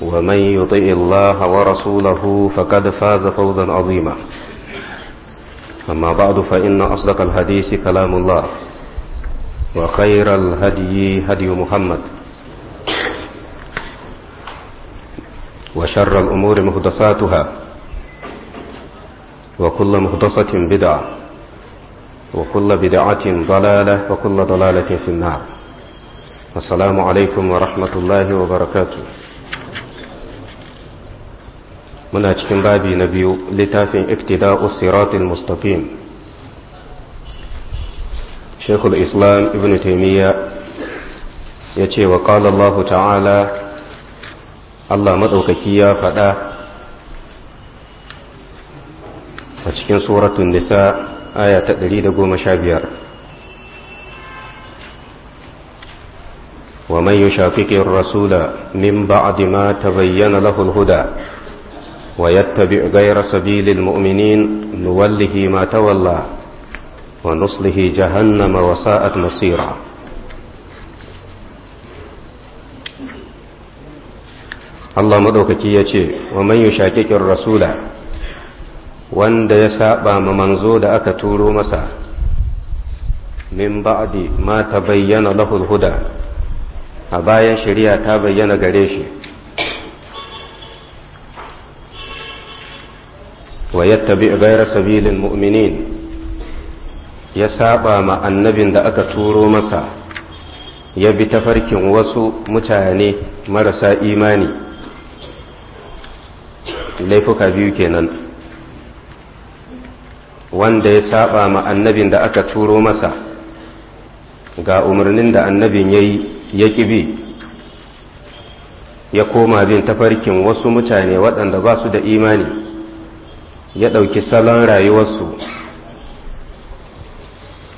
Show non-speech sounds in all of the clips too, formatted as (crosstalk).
ومن يطع الله ورسوله فقد فاز فوزا عظيما أما بعد فإن أصدق الحديث كلام الله وخير الهدي هدي محمد وشر الأمور محدثاتها وكل محدثة بدعة وكل بدعة ضلالة وكل ضلالة في النار السلام عليكم ورحمة الله وبركاته muna cikin babi na biyu littafin iktida'u siratul mustaqim shekul islam ibn taimiyya ya ce wa ƙala Allah ta'ala Allah maɗaukaki ya faɗa a cikin suratun nisa aya ta ɗari da goma sha biyar ومن يشاقق الرسول من بعد ta bayyana له الهدى ويتبع غير سبيل المؤمنين نوله ما تولى ونصله جهنم وساءت مصيرا Allah maɗaukaki ya ce, wa man yi shaƙiƙin rasula wanda ya saɓa ma manzo da aka turo masa, min ba'di ma ta bayyana lahul huda, a bayan shari'a ta bayyana gare shi, ويتبع غير سبيل المؤمنين يسابا مع annabin da aka turo masa ya bi tafarkin wasu mutane marasa imani laifuka biyu kenan wanda ya saba ma annabin da aka turo masa ga umarnin da annabin ya yi ya bi ya koma bin tafarkin wasu mutane waɗanda ba su da imani ya ɗauki salon rayuwarsu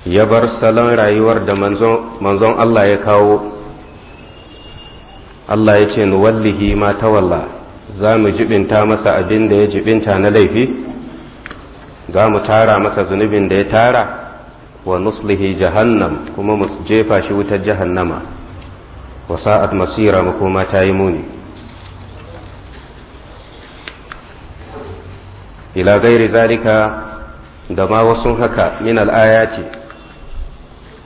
ya bar salon rayuwar da manzon Allah ya kawo Allah ya ce nuwallihi ma tawalla za mu jibinta masa abin da ya jibinta na laifi za mu tara masa zunubin da ya tara wa nuslihi jahannam kuma mu jefa shi wutar jahannama wa sa'at masira makoma ta yi muni ila gairi zalika da ma wasu haka min al'ayati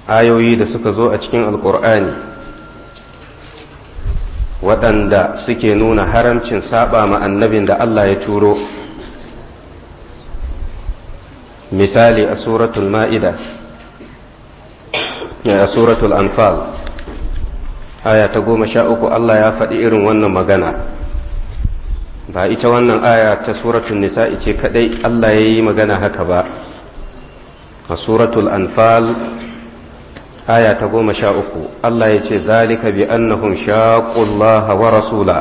ayoyi da suka zo a cikin alkur'ani waɗanda suke nuna haramcin saba ma annabin da Allah ya turo misali a suratul ma'ida eh, a suratul anfal aya ta goma sha uku Allah ya faɗi irin wannan magana ba ita wannan aya ta suratul nisa ce kadai Allah ya yi magana haka ba a suratul anfal aya ta goma sha uku Allah ya ce zalika bi annahum shaqullaha wa rasula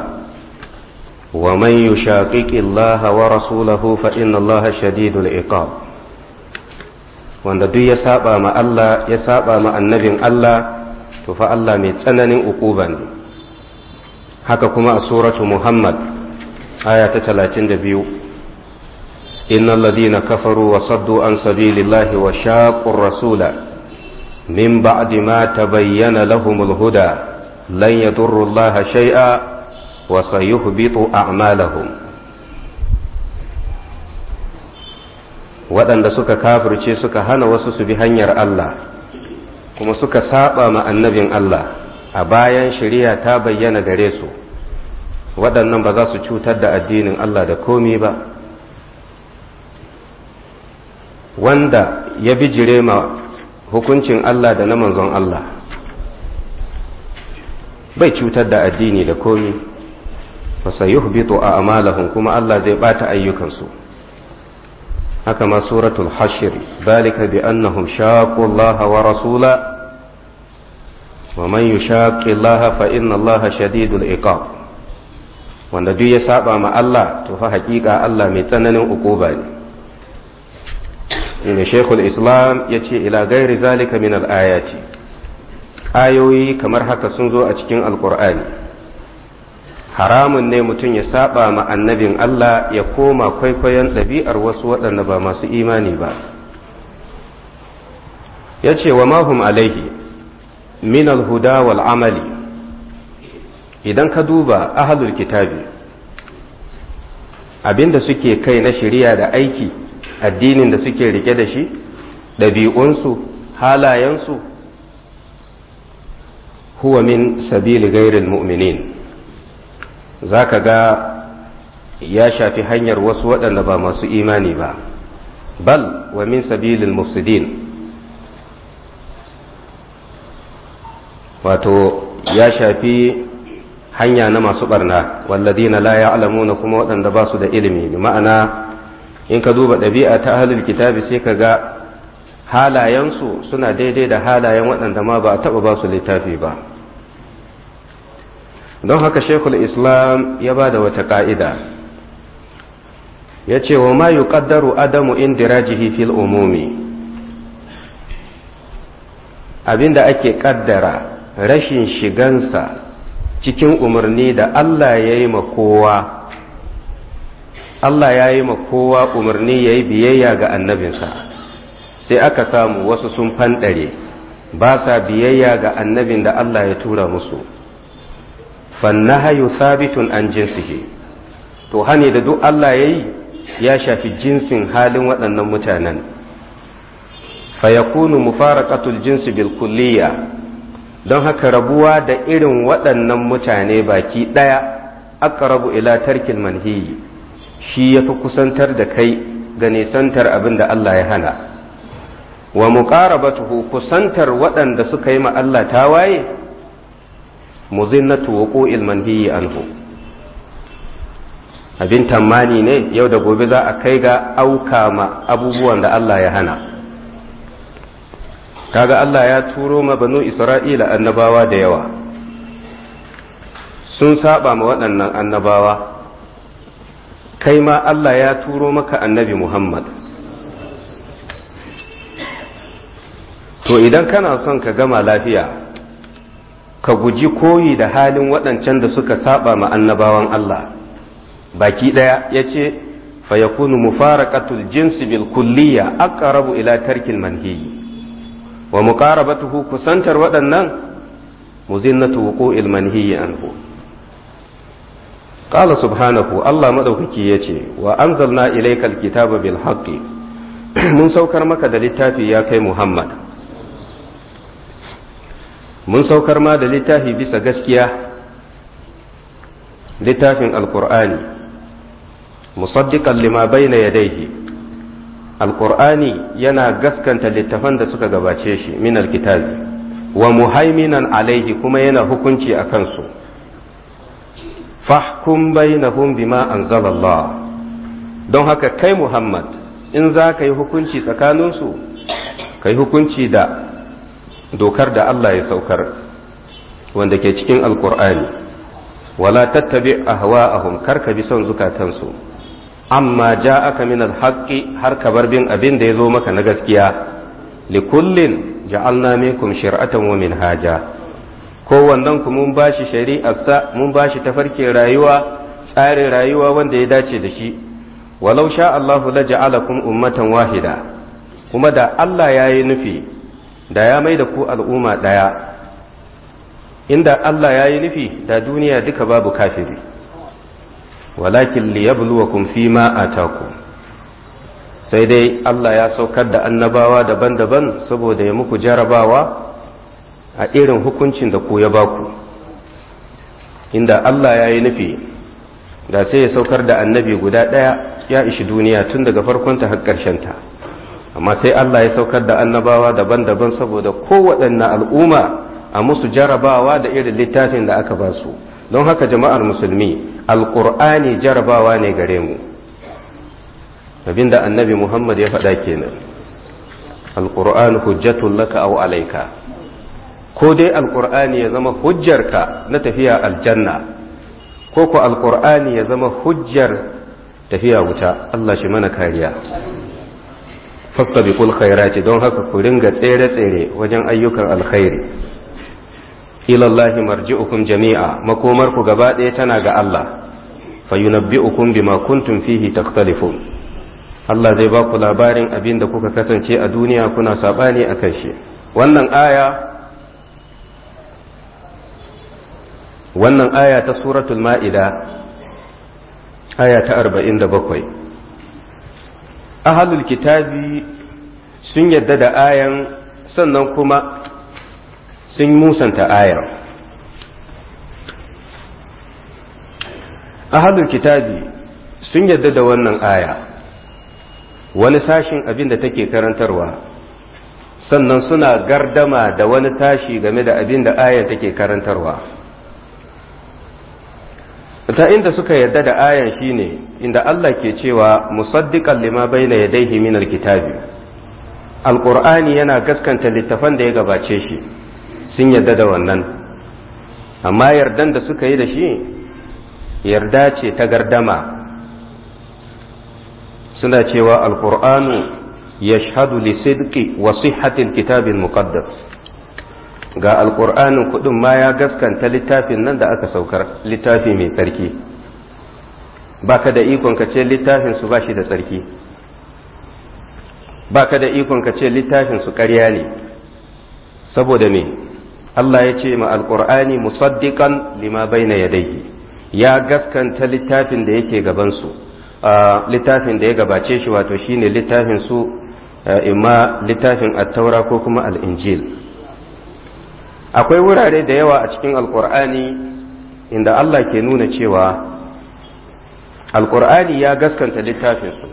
wa man yushaqiqi Allah wa rasulahu fa inna Allah shadidul iqab wanda duk ya saba ma Allah ya saba ma annabin Allah to fa Allah mai tsananin uquba ne haka kuma a suratul muhammad aya ta talatin da biyu inna alladhina kafaru wa saddu an sabilillahi wa shaqur rasula min ba'di ma tabayyana lahumul huda lan yadurru allaha shay'a wa sayuhbitu a'malahum waɗanda suka kafurce suka hana wasu su bi hanyar Allah kuma suka saba ma annabin Allah a bayan shiriya ta bayyana gare su waɗannan ba za su cutar da addinin Allah da komi ba wanda ya bijire ma hukuncin Allah da na manzon Allah bai cutar da addini da komi yuhbitu a amalahun kuma Allah zai ɓata ayyukansu haka ma suratul hashir balika bi annahum shaqu Allah wa rasula ومن يشاق الله فإن الله شديد العقاب wanda duk ya saba ma Allah to fa hakika Allah mai tsananin ukuba ne inda shekul islam ya ce ila gairi zalika min al'ayati ayoyi kamar haka sun zo a cikin alkur'ani haramun ne mutum ya saba ma annabin Allah ya koma kwaikwayon ɗabi'ar wasu waɗanda ba masu imani ba ya ce wa mahum alaihi min huda wal amali idan ka duba ahalul kitabi abinda suke kai na shari'a da aiki addinin da suke rike da shi ɗabi'unsu halayensu huwa min sabili gairin mu'minin za ka ga ya shafi hanyar wasu waɗanda ba masu imani ba bal wa min sabilil mufsidin wato ya shafi hanya na masu barna walladina la ya'lamuna kuma waɗanda ba su da ilimi bi ma'ana in ka duba ɗabi'a ta ahlul kitabi sai ka ga halayensu suna daidai da halayen waɗanda ma ba a taɓa ba su littafi ba don haka shekul islam ya ba da wata ƙa'ida ya ce wa ma yuqaddaru adamu indirajihi fil umumi abinda ake kaddara rashin shigansa cikin umarni da Allah ya yi ma kowa Allah ya yi umarni ya yi biyayya ga annabinsa sai aka samu wasu sun fanɗare ba sa biyayya ga annabin da Allah ya tura musu fannahayu sabitun an jinsihi to hane da duk Allah ya yi ya shafi jinsin halin waɗannan mutanen fayakunu mufarakatul jinsi bil kulliyya don haka rabuwa da irin waɗannan mutane baki ɗaya aqrabu ila tarkin manhiyi shi ya fi kusantar da kai ga nisantar abin da Allah ya hana wa muqarabatuhu kusantar waɗanda suka yi ma Allah tawaye muzinnatu wuqu'il manhiyi anhu abin tammani ne yau da gobe za a kai ga auka ma abubuwan da Allah ya hana kaga Allah ya turo ma banu Isra'ila annabawa da yawa sun saba ma waɗannan annabawa kai ma Allah ya turo maka annabi Muhammad to idan kana son ka gama lafiya ka guji koyi da halin waɗancan da suka saba ma annabawan Allah baki ɗaya ya ce fa yakunu mufaraqatul jinsi bil kulliya aqrabu ila tarkil manhiyi wa muqarabatuhu kusantar waɗannan muzinnatu wuqu'il manhiyi anhu qala subhanahu Allah madaukaki yace wa anzalna ilaykal kitaba bil haqqi (clears throat) mun saukar maka da littafi ya kai Muhammad mun saukar ma da littafi bisa gaskiya littafin alkur'ani musaddiqan lima bayna yadayhi alƙur'ani yana gaskanta littafan da suka gabace shi min alkitabi wa muhaiminan alaihi kuma yana hukunci a kansu fahkum bainahum bima anzalallah don haka kai muhammad in za ka yi hukunci tsakaninsu ka yi hukunci da dokar da allah ya saukar wanda ke cikin alƙur'ani wala tattabi ahwa'ahum kar ka bi son zukatansu amma ja aka min haƙƙi har ka bar bin abin da ya zo maka na gaskiya likullin ja'alna minkum shir'atan wa minhaja wannan ku mun bashi shari'arsa mun bashi tafarkin rayuwa tsare rayuwa wanda ya dace da shi walau sha Allahu la ja'alakum ummatan wahida kuma da Allah ya yi nufi da ya mai da ku al'umma ɗaya inda Allah ya yi nufi da duniya duka babu kafiri walakin ma a taku. sai dai Allah ya saukar da annabawa daban-daban saboda ya muku jarabawa a irin hukuncin da ku ya baku inda Allah ya yi nufi da sai ya saukar da annabi guda ɗaya ya ishi duniya tun daga farkonta har ta amma sai Allah ya saukar da annabawa daban-daban saboda kowaɗanne al'umma a musu jarabawa da irin littafin da aka ba su don haka jama'ar musulmi alƙur'ani jarabawa ne gare mu abinda annabi muhammad ya faɗa kenan alƙur'an hujjatun laka au alaika ko dai alƙur'ani ya zama hujjarka na tafiya aljanna ko ku alƙur'ani ya zama hujjar tafiya wuta allah shi mana kariya fastabiqul khairati don haka ku ringa tsere-tsere wajen ayyukan alkhairi ilallahi marji'ukum jami'a Makomarku gaba ɗaya tana ga Allah fa yunabbi'ukum bima kuntum fihi takhtalifun Allah zai baku labarin abin da kuka kasance a duniya kuna sabani akan shi wannan aya ta suratul ma'ida aya ta arba'in da bakwai ahalul kitabi sun yadda da ayan sannan kuma sun musanta ayan ahalul kitabi sun yarda da wannan aya wani sashin abin da take karantarwa sannan suna gardama da wani sashi game da abin da ayan take karantarwa ta inda suka yarda da ayan shine inda Allah ke cewa musaddiqan lima na yadayhi min kitabi. Alƙur'ani yana gaskanta littafan da ya gabace shi sun yarda da wannan amma yardan da suka yi da shi yarda ce ta gardama suna cewa alƙur'anu yashhadu li sidqi wa hatin kitabin muqaddas ga alƙur'anin kudin ma ya gaskanta littafin nan da aka saukar littafi mai tsarki baka da ikon ka ce littafin su bashi da tsarki baka da ikon ka ce littafin su ƙarya ne saboda me Allah ya ce ma alkur'ani musaddiqan lima bayna yadayhi ya gaskanta littafin da yake gabansu littafin da ya gabace shi wato shine littafin su imma littafin attaura ko kuma al'injil akwai wurare da yawa a cikin Alƙur'ani inda Allah ke nuna cewa Alƙur'ani ya gaskanta littafin su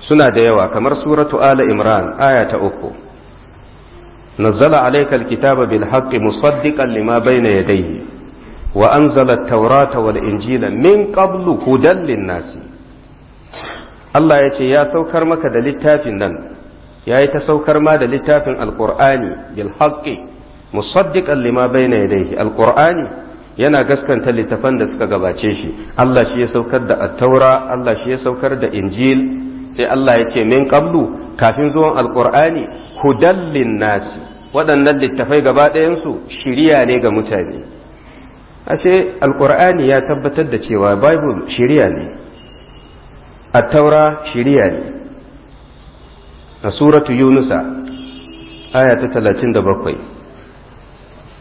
suna da yawa kamar suratu ala imran aya ta uku نزل عليك الكتاب بالحق مصدقا لما بين يديه wa anzala taurata wal injila min qablu hudan linnasi Allah ya ce ya saukar maka da littafin nan ya yi ta saukar ma da littafin alqur'ani bil haqqi musaddiqan lima bayna yadayhi alqur'ani yana gaskanta littafan da suka gabace shi Allah shi ya saukar da attaura Allah shi ya saukar da injil sai Allah ya ce min qablu kafin zuwan alqur'ani hudan linnasi waɗannan littafai gaba ɗayansu shiriya ne ga mutane ashe alkur'ani ya tabbatar da cewa bible shiriya ne attaura shiriya ne a suratu yunusa aya ta talatin da bakwai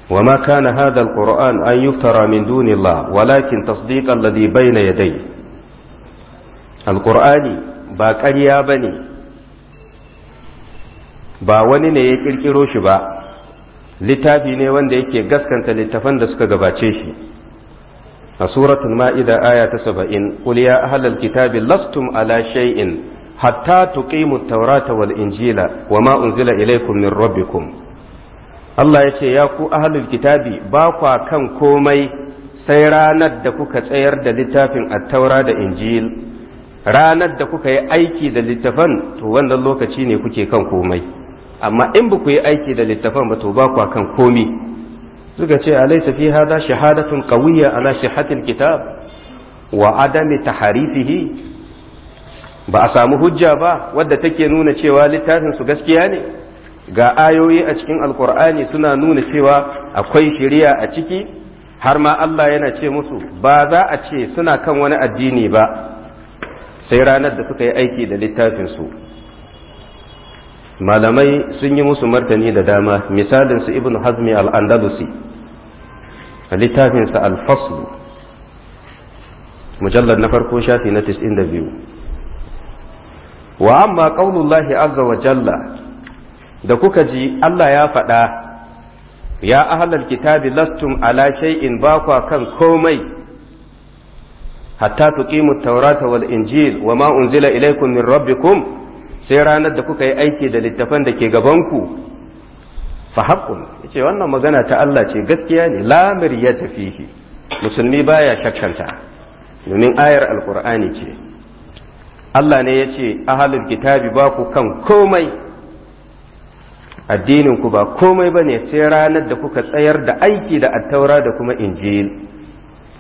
وما كان هذا القرآن أن يفترى من دون الله ولكن تصديق الذي بين يديه القرآن باك أليا بني ba wani ne ya ƙirƙiro shi ba littafi ne wanda yake gaskanta littafan da suka gabace shi a suratul ma'ida aya ta saba'in qul ya ahlal kitabi lastum ala shay'in hatta tuqimu taurata wal injila wa unzila ilaykum min rabbikum Allah ya ce ya ku ahlul kitabi ba kwa kan komai sai ranar da kuka tsayar da littafin attaura da injil ranar da kuka yi aiki da littafan to wannan lokaci ne kuke kan komai amma in ba ku yi aiki da littafan ba to ba ku kan komi suka ce alaysa fi hada shahadatun qawiyya ala sihhatil kitab wa adami taharifihi ba a samu hujja ba wadda take nuna cewa littafin su gaskiya ne ga ayoyi a cikin alkur'ani suna nuna cewa akwai shari'a a ciki har ma Allah yana ce musu ba za a ce suna kan wani addini ba sai ranar da suka yi aiki da littafin su malamai sun yi musu martani da dama misalin su ibn hazmi al-andalusi a littafinsa al-faslu mujallar na farko shafi na 92 wa amma ƙaunullahi azza wa jalla da kuka ji Allah ya faɗa ya ahlal kitabi lastum ala shay'in ba kan komai hatta tuqimu taurata wal injil wa ma unzila ilaykum min rabbikum sai ranar da kuka yi aiki da littafan da ke gabanku fa ya ce wannan magana ta Allah ce gaskiya ne lamir ya tafihi musulmi baya shakkanta domin ayar Alƙur'ani ce Allah ne ya yace ahlul kitabi ba ku kan komai addininku ba komai ba ne sai ranar da kuka tsayar da aiki da attaura da kuma injil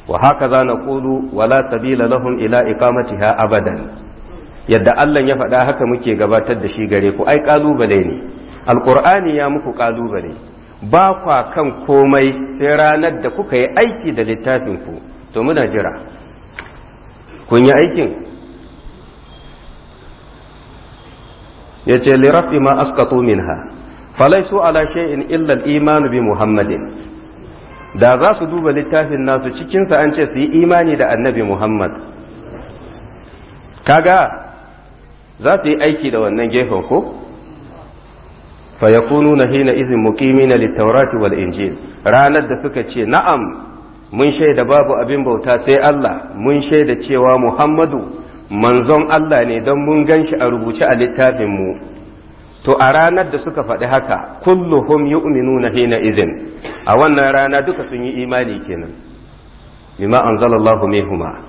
wa haka za na wala sabila lahum ila iqamatiha abadan yadda Allah ya faɗa haka muke gabatar da shi gare ku ai kalubale ne alqur'ani ya muku kalubale ba kwa kan komai sai ranar da kuka yi aiki da littafin ku to muna jira kun yi aikin ya ce lirafi ma askatu minha falaisu ala shay'in illa al-iman bi muhammadin da za su duba littafin nasu cikinsa an ce su yi imani da annabi Muhammad. Kaga za su yi aiki da wannan gefen ko fa ya kunu na hina izin na littaurati wal injil ranar da suka ce na'am mun shaida babu abin bauta sai Allah mun shaida cewa Muhammadu manzon Allah ne don mun gan shi a rubuce a littafin mu to a ranar da suka faɗi haka kulluhum na hina izin a wannan rana duka sun yi imani kenan bima anzalallahu minhuma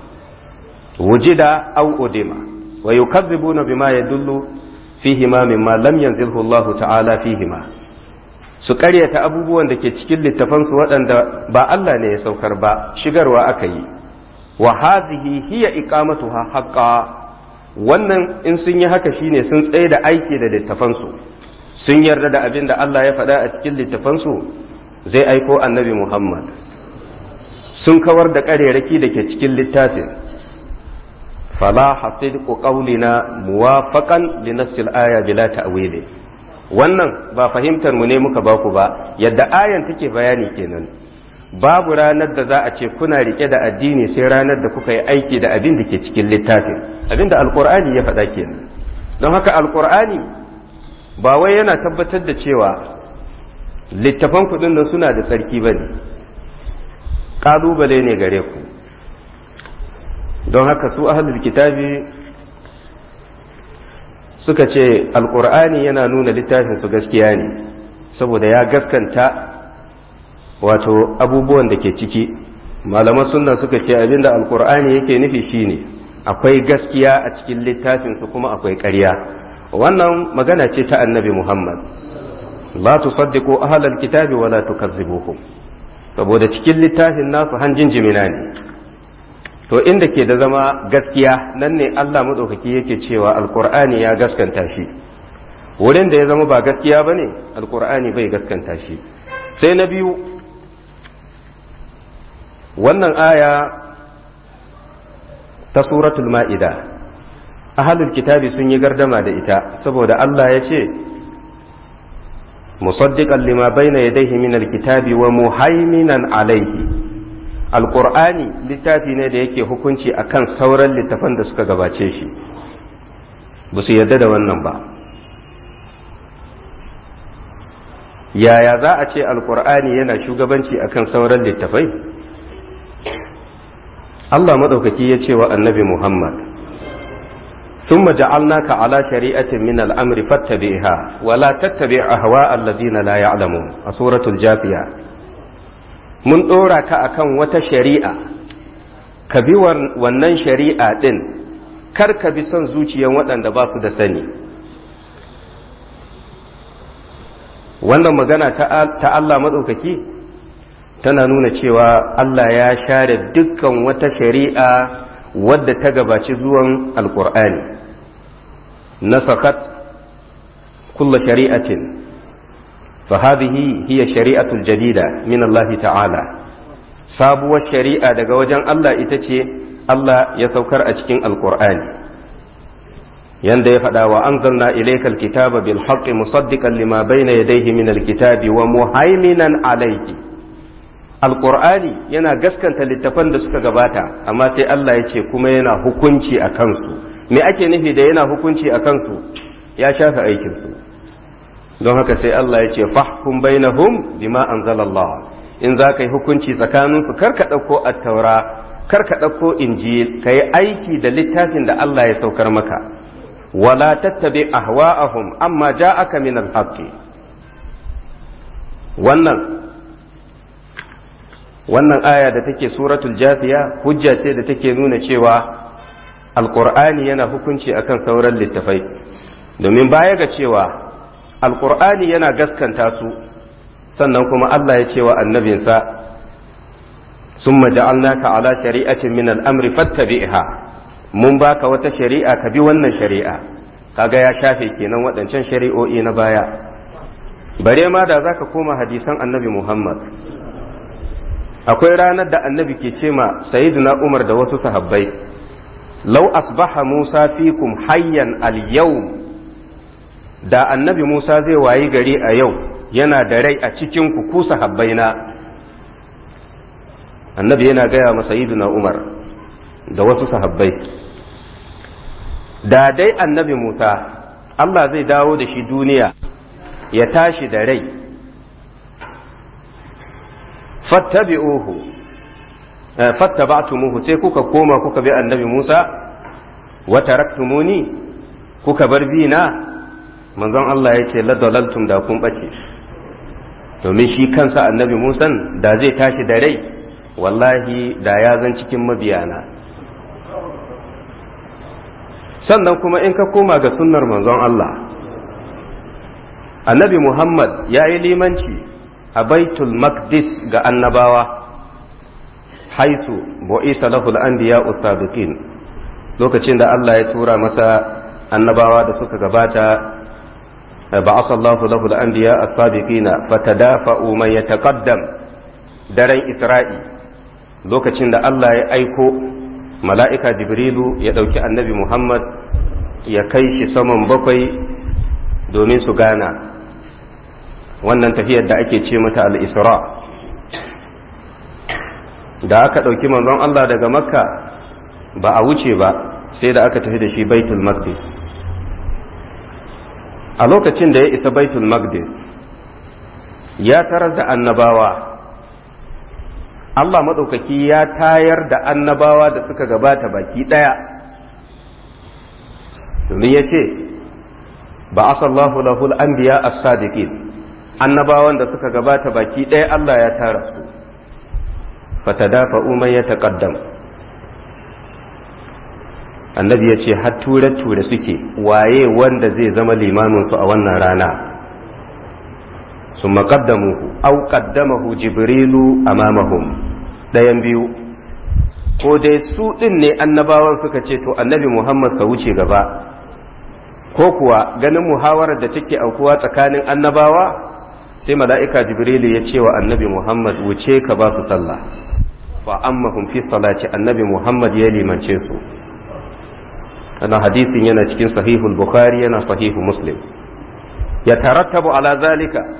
wujida au udima wa yukazzibuna bima yadullu fihi ma mimma lam yanzilhu Allah ta'ala fihima. Su su karyata abubuwan da ke cikin littafansu waɗanda ba Allah ne ya saukar ba shigarwa aka yi wa hazihi hiya iqamatuha haqqa wannan in sun yi haka shine sun tsaye da aiki da littafansu sun yarda da abin da Allah ya faɗa a cikin littafansu zai aiko annabi Muhammad sun kawar da ƙarerraki da ke cikin littafin falaha sidqu قولنا موافقا لنص nassil aya bila wannan ba fahimtar mu ne muka baku ba yadda ayan take bayani kenan babu ranar da za a ce kuna rike da addini sai ranar da kuka yi aiki da abin da ke cikin littafin abin da alkur'ani ya faɗa kenan don haka alkur'ani ba wai yana tabbatar da cewa littafan kuɗin nan suna da tsarki ba ne ƙalubale ne gare ku don haka su ahlul kitabi suka ce alkur'ani yana nuna littafin su gaskiya ne saboda ya gaskanta wato abubuwan da ke ciki malaman sunna suka ce abinda alkur'ani yake nufi shine akwai gaskiya a cikin littafin su kuma akwai ƙarya wannan magana ce ta annabi muhammad la tusaddiqu ahlul kitabi wa la tukazzibuhum saboda cikin littafin nasu hanjin jimina ne to inda ke da zama gaskiya nan ne Allah maɗaukaki yake cewa alkur'ani ya gaskanta shi wurin da ya zama ba gaskiya ba ne alkur'ani bai gaskanta shi sai na biyu wannan aya ta suratul ma'ida ahalul kitabi sun yi gardama da ita saboda Allah ya ce musaddiqan lima bayna yadayhi min alkitabi wa muhaiminan alaihi alƙur'ani littafi ne da yake hukunci akan sauran littafan da suka gabace shi ba su yarda da wannan ba yaya za a ce alƙur'ani yana shugabanci akan sauran littafai Allah maɗaukaki ya ce wa annabi Muhammad ثم جعلناك على شريعة من الأمر فاتبعها ولا تتبع أهواء الذين لا يعلمون سورة الجاثية mun ɗora ka a kan wata shari'a ka bi wannan shari'a ɗin kar ka bi son zuciyan waɗanda ba su da sani wannan magana ta Allah maɗaukaki tana nuna cewa Allah ya share dukkan wata shari'a wadda ta gabaci zuwan alƙur'ani nasakat kulla shari'atin فهذه هي shari'atul jarida, من ta'ala, sabuwar shari'a daga wajen Allah ita ce Allah ya saukar a cikin alkur'ani yanda ya faɗawa wa anzalna ilaykal kitaba bil haqqi musaddiqan lima bayna yadayhi min alkitabi wa muhaiminan alayhi alkur'ani yana gaskanta littafan da suka gabata amma sai Allah ya ce kuma yana hukunci a kansu me ake nufi da yana hukunci a kansu ya shafe aikinsu don haka sai Allah ya ce fahkum bainahum bima anzalallah in za ka yi hukunci tsakaninsu kar ka ɗauko attaura kar ka ɗauko injil ka yi aiki da littafin da Allah ya saukar maka wala tattabi ahwa'ahum amma ja'aka min al-haqqi wannan wannan aya da take suratul jafiya hujja ce da take nuna cewa alqur'ani yana hukunci akan sauran littafai domin baya ga cewa alƙur'ani yana gaskanta su sannan kuma Allah ya ce wa annabinsa sun ja'alnaka ala shari'atin min al'amri fattabi'ha mun baka wata shari'a ka bi wannan shari'a kaga ya shafe kenan waɗancan shari'o'i na baya bare ma da zaka koma hadisan annabi Muhammad akwai ranar da annabi ke ce ma sayyidina Umar da wasu sahabbai lau asbaha Musa fikum hayyan al-yawm da annabi Musa zai wayi gari a yau yana da rai a cikin ku ku sahabbaina annabi yana gaya masa na Umar da wasu sahabbai da dai annabi Musa Allah zai dawo da shi duniya ya tashi da rai fattabi'uhu eh, fattaba'tumuhu sai kuka koma kuka bi annabi Musa wa taraktumuni kuka bar bina manzon Allah ya ce ladalaltum da kun bace domin shi kansa annabi musan da zai tashi da rai wallahi da ya zan cikin mabiyana sannan kuma in ka koma ga sunnar manzon Allah annabi muhammad ya yi limanci a baitul maqdis ga annabawa haisu bu'isa lahul anbiya usabiqin lokacin da Allah ya tura masa annabawa da suka gabata ba'asa Allahu lahu al-anbiya as-sabiqina fatadafa'u man yataqaddam daren Isra'i lokacin da Allah ya aiko mala'ika Jibrilu ya ɗauki annabi Muhammad ya kai shi saman bakwai domin su gana wannan tafiyar da ake ce mata al-Isra da aka ɗauki manzon Allah daga Makka ba a wuce ba sai da aka tafi da shi Baitul Maqdis a lokacin da ya isa baitul maqdis ya taras da annabawa Allah maɗaukaki ya tayar da annabawa da suka gabata baki ɗaya domin ya ce ba asallahu lahul anbiya as-sadiqin annabawan da suka gabata baki ɗaya Allah ya tara su fatadafa'u Umar ya taqaddam annabi ya ce har ture-ture suke waye wanda zai zama limaminsu a wannan rana sun maƙaddamuhu au ƙaddamahu jibrilu amamahum ɗayan biyu ko dai su ɗin ne annabawan suka ce to annabi muhammad ka wuce gaba ko kuwa ganin muhawarar da take aukuwa tsakanin annabawa sai mala'ika jibrilu ya ce wa annabi muhammad wuce ka ba su sallah fa amma fi salati annabi muhammad ya limance su ana hadisin yana cikin sahihul bukhari yana sahihu muslim ya tarattabu ala zalika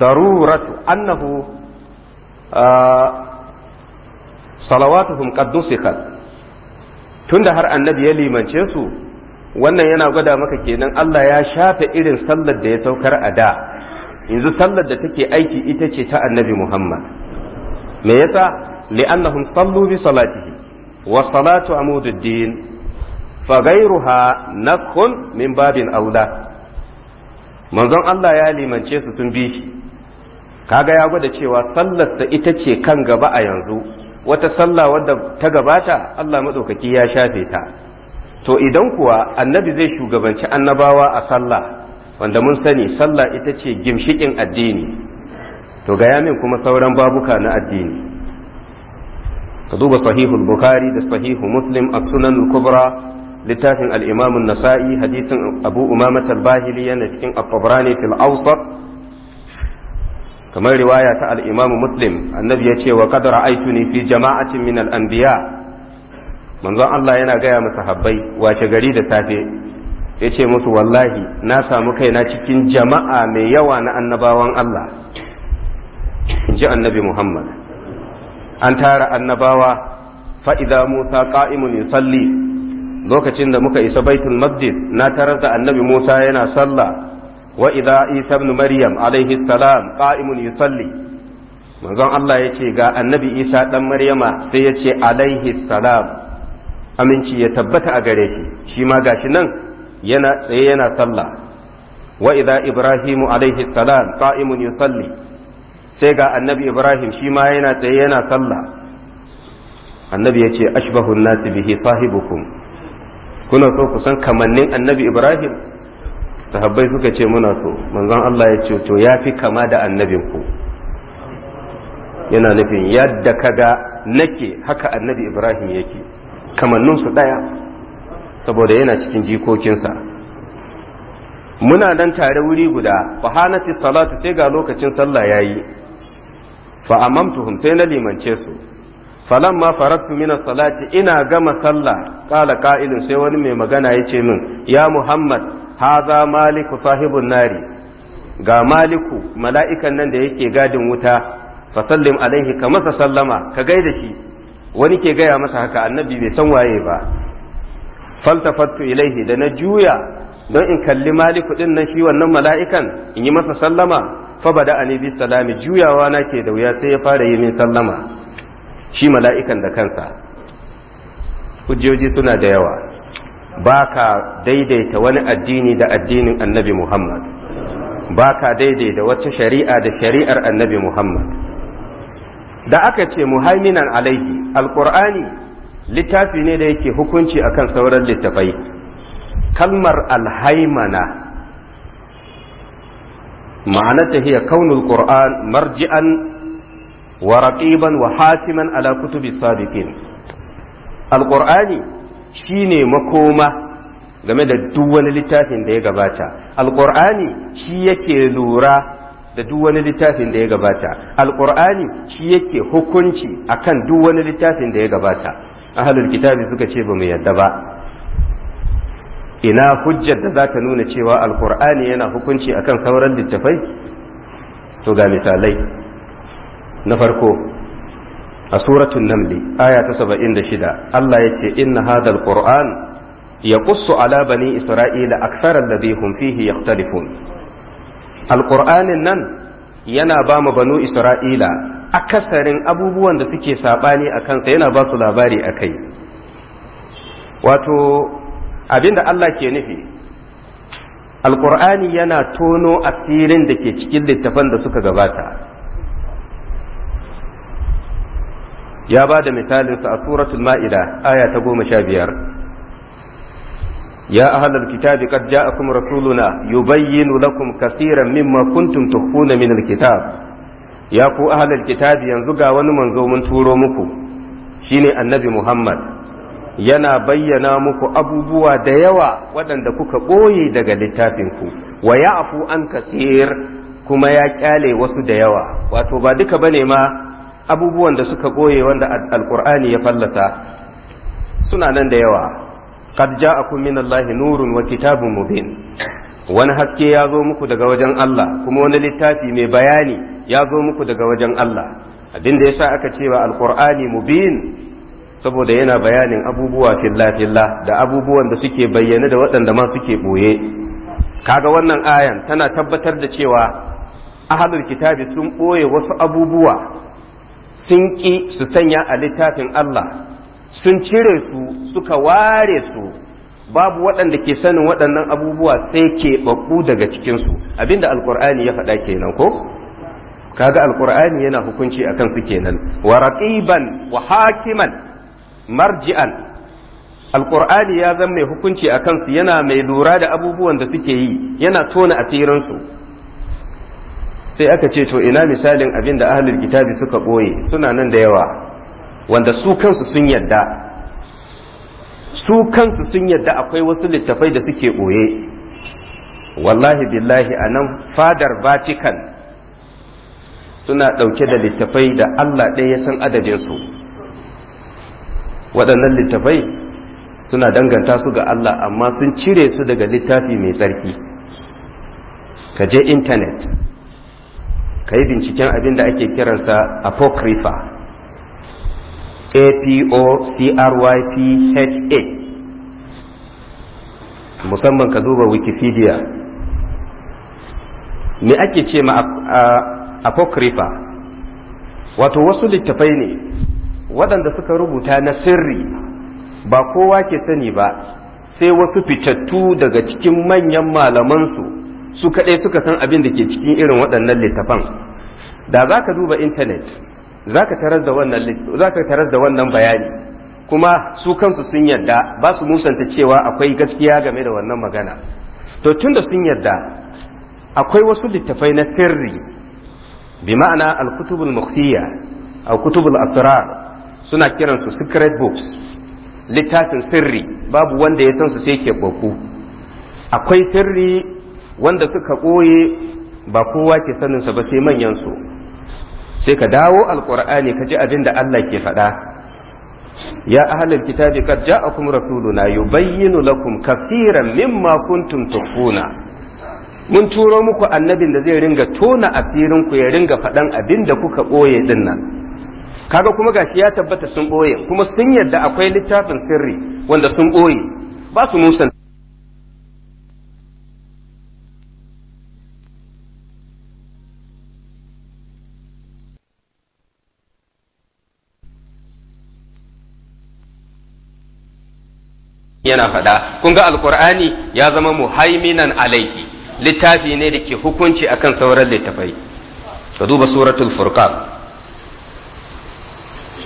daruratu annahu salawatuhum qad tunda har annabi ya limance su wannan yana gwada maka kenan Allah ya shafe irin sallar da ya saukar a da yanzu sallar da take aiki ita ce ta annabi Muhammad me yasa li'annahum sallu bi salatihi wa salatu amududdin fa gairuha nafhun min babin aula manzon Allah ya limance su sun bi shi Ka ga ya gwada cewa sallarsa ita ce kan gaba a yanzu wata sallah wadda ta gabata Allah maɗaukaki ya shafe ta to idan kuwa annabi zai shugabanci annabawa a sallah wanda mun sani sallah ita ce gimshikin addini to ga min kuma sauran babuka na addini ka duba sahihul bukhari da sahihu muslim a sunan kubra littafin al nasai hadisin abu umama al yana cikin at-tabrani fil kamar riwaya ta al'imamin muslim annabi ya ce wa qad ra'aytuni fi jama'atin min al'ambiya. manzon Allah yana gaya masa habbai wace gari da safe ya ce musu wallahi na samu kaina cikin jama'a mai yawa na annabawan Allah in ji annabi Muhammad an tara annabawa fa'iza Musa ƙa'imun yusalli lokacin da muka isa baitul maqdis na tarar da annabi Musa yana sallah wa idza Isa ibn Maryam alaihi salam qa'imun yusalli manzon Allah yace ga annabi Isa dan Maryama sai yace alaihi salam aminci ya tabbata a gare shi shi ma gashi nan yana tsaye yana sallah wa idza Ibrahimu alaihi salam qa'imun yusalli sai ga annabi Ibrahim shi ma yana tsaye yana sallah annabi yace ashbahun nasi bihi sahibukum kuna so ku san kamannin annabi ibrahim sahabbai suka ce muna so manzon Allah ya ce to ya fi kama da annabin ku yana nufin yadda kaga nake haka annabi ibrahim yake kamanninsu ɗaya saboda yana cikin jikokinsa muna nan tare wuri guda fahanati salatu sai ga lokacin sallah yayi fa amamtuhum sai na limance su falan ma faraktu mina salati ina gama sallah kala qa'ilun sai wani mai magana yace min ya muhammad haza maliku sahibun nari ga maliku mala'ikan nan da yake gadin wuta fa sallim alaihi ka masa sallama ka gaida shi wani ke gaya masa haka annabi bai san waye ba faltafattu ilaihi da na juya don in kalli maliku din nan shi wannan mala'ikan in yi masa sallama fa bada ani bi salami juyawa na ke da wuya sai ya fara yi min sallama shi mala'ikan da kansa hujjoji suna da yawa ba ka daidaita wani addini da addinin annabi muhammad ba ka daidaita wata shari'a da shari'ar annabi muhammad da aka ce muhaiminan alaihi alƙur'ani littafi ne da yake hukunci akan sauran littafai kalmar alhaimana ta hiya kaunul qur'an marji'an wa raqiban wa hatiman ala kutubi sabiqin alqur'ani shine makoma game da duk wani littafin da ya gabata alqur'ani shi yake lura da duk wani littafin da ya gabata alqur'ani shi yake hukunci akan duk wani littafin da ya gabata ahlul kitabi suka ce ba mu yadda ba ina hujjar da za ta nuna cewa alqur'ani yana hukunci akan sauran littafai to ga misalai na farko a suratun namli aya ta saba'in da shida Allah ya ce inna hadal qur'an ya qussu ala bani isra'ila aktharal ladhi hum fihi talifun. Alƙur'anin nan yana ba mu banu isra'ila akasarin abubuwan da suke saɓani a kansa yana ba su labari a kai wato abinda Allah ke nufi Alƙur'ani yana tono asirin da ke cikin littafan da suka gabata ya ba da misalinsa a suratul ma'ida aya ta goma sha biyar ya ahlal kitabi qad ja'akum rasuluna yubayyinu lakum kaseeran mimma kuntum tukhfuna min alkitab ya ku ahlal kitabi yanzu ga wani manzo mun turo muku shine annabi muhammad yana bayyana muku abubuwa da yawa waɗanda kuka ɓoye daga littafinku wa ya'fu an kasir kuma ya kyale wasu da yawa wato ba duka bane ma abubuwan da suka ɓoye wanda alkur'ani ya fallasa suna nan da yawa qad ja'akum minallahi nurun wa kitabun mubin wani haske ya zo muku daga wajen Allah kuma wani littafi mai bayani ya zo muku daga wajen Allah abinda da yasa aka cewa alkur'ani mubin saboda yana bayanin abubuwa filla filla da abubuwan da suke bayyane da waɗanda ma suke ɓoye kaga wannan ayan tana tabbatar da cewa ahlul kitabi sun ɓoye wasu abubuwa sun ƙi su sanya a littafin Allah sun cire su suka ware su babu waɗanda ke sanin waɗannan abubuwa sai ke baku daga cikinsu abinda alkur'ani ya faɗa kenan ko kaga alkur'ani yana hukunci akan su kenan wa raqiban wa hakiman marji'an alkur'ani ya zama mai hukunci akan su yana mai lura da abubuwan da suke yi yana tona asirinsu sai aka ce to ina misalin abin da ahlul kitabi suka ɓoye suna nan da yawa wanda su kansu sun yadda su kansu sun yadda akwai wasu littafai da suke ɓoye wallahi billahi a nan fadar vatican suna ɗauke da littafai da allah ɗaya ya san adadinsu waɗannan littafai suna danganta su ga allah amma sun cire su daga littafi mai tsarki ka je intanet ka yi binciken abin da ake kiransa apocrypha a-p-o-c-r-y-p-h-a musamman ka duba wikipedia me ake ce ma apocrypha wato wasu littafai ne waɗanda suka rubuta na sirri ba kowa ke sani ba sai wasu fitattu daga cikin manyan malamansu su kaɗai suka san abin da ke cikin irin waɗannan littafan da za ka duba intanet za ka taras da wannan bayani kuma su kansu sun yadda ba su musanta cewa akwai gaskiya game da wannan magana to tun da sun yadda akwai wasu littafai na sirri bi ma'ana alkutubul kutubul mukhfiya asrar suna kiransu secret books littafin sirri babu wanda ya san su sai ke akwai sirri wanda suka ɓoye ba kowa ke saninsa ba sai manyan su, sai ka dawo alƙur'ani ka ji abin da Allah ke faɗa ya ahlal kitabi qad ja'akum rasuluna yubayyinu lakum kaseeran mimma kuntum tukhfuna mun turo muku annabin da zai ringa tona asirin ku ya ringa faɗan abin da kuka ɓoye din nan kaga kuma gashi ya tabbata sun ɓoye kuma sun yadda akwai littafin sirri wanda sun ɓoye ba su musan yana faɗa kun ga alkur'ani ya zama muhaiminan alaiki littafi ne da ke hukunci akan sauran littafai ka duba suratul furqan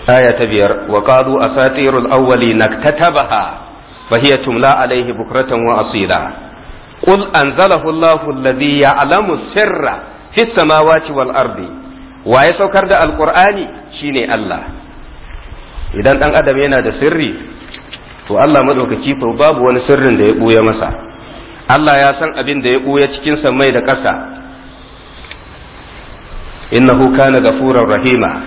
aya ta biyar wa qalu asatirul awwali naktatabaha fa hiya tumla alaihi bukratan wa asila قل أنزله الله الذي يعلم السر في السماوات Wa ya saukar da alkur'ani shine Allah idan ɗan adam yana da sirri to Allah madaukaki ko babu wani sirrin da ya buya masa Allah ya san abin da ya buya cikin mai da ƙasa innahu kana gafurar rahima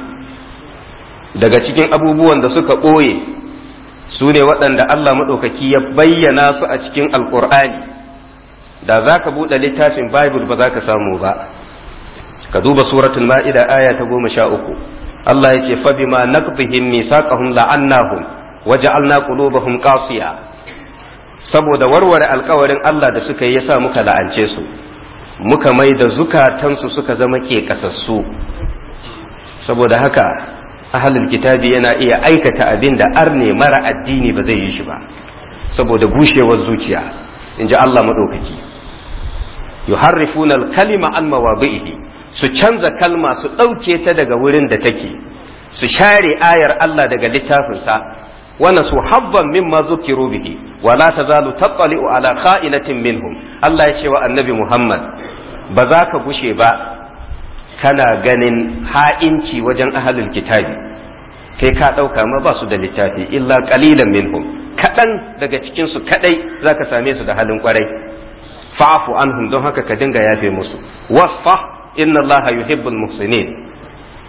daga cikin abubuwan da suka ɓoye su ne waɗanda Allah maɗaukaki ya bayyana su a cikin alƙur'ani da za ka buɗe littafin bible ba za ka samu ba ka duba suratul ma'ida aya ta goma sha uku Allah ya ce fabima naqdihim misaqahum la'annahum waja'alna qulubahum qasiya saboda warware alkawarin Allah da suka yi yasa muka la'ance su muka mai da zukatansu suka zama ke kasassu saboda haka ahalul kitabi yana iya aikata abin da arne mara addini ba zai yi shi ba saboda gushewar zuciya in ji Allah maɗaukaki yuharrifuna al-kalima an mawabi'ihi su canza kalma su ɗauke ta daga wurin da take su share ayar Allah daga littafinsa ونسوا حظا مما ذكروا به ولا تزال تطلع على خائنة منهم الله يشوى النبي محمد بذاك ka با كان غنين هائنتي وجن أهل الكتاب kai ka ɗauka ma ba su da littafi illa ƙalilan minhum kaɗan daga cikinsu kaɗai za ka same su da halin ƙwarai fa'afu anhum don haka ka dinga yafe musu wasfa inna allaha yuhibbul muhsinin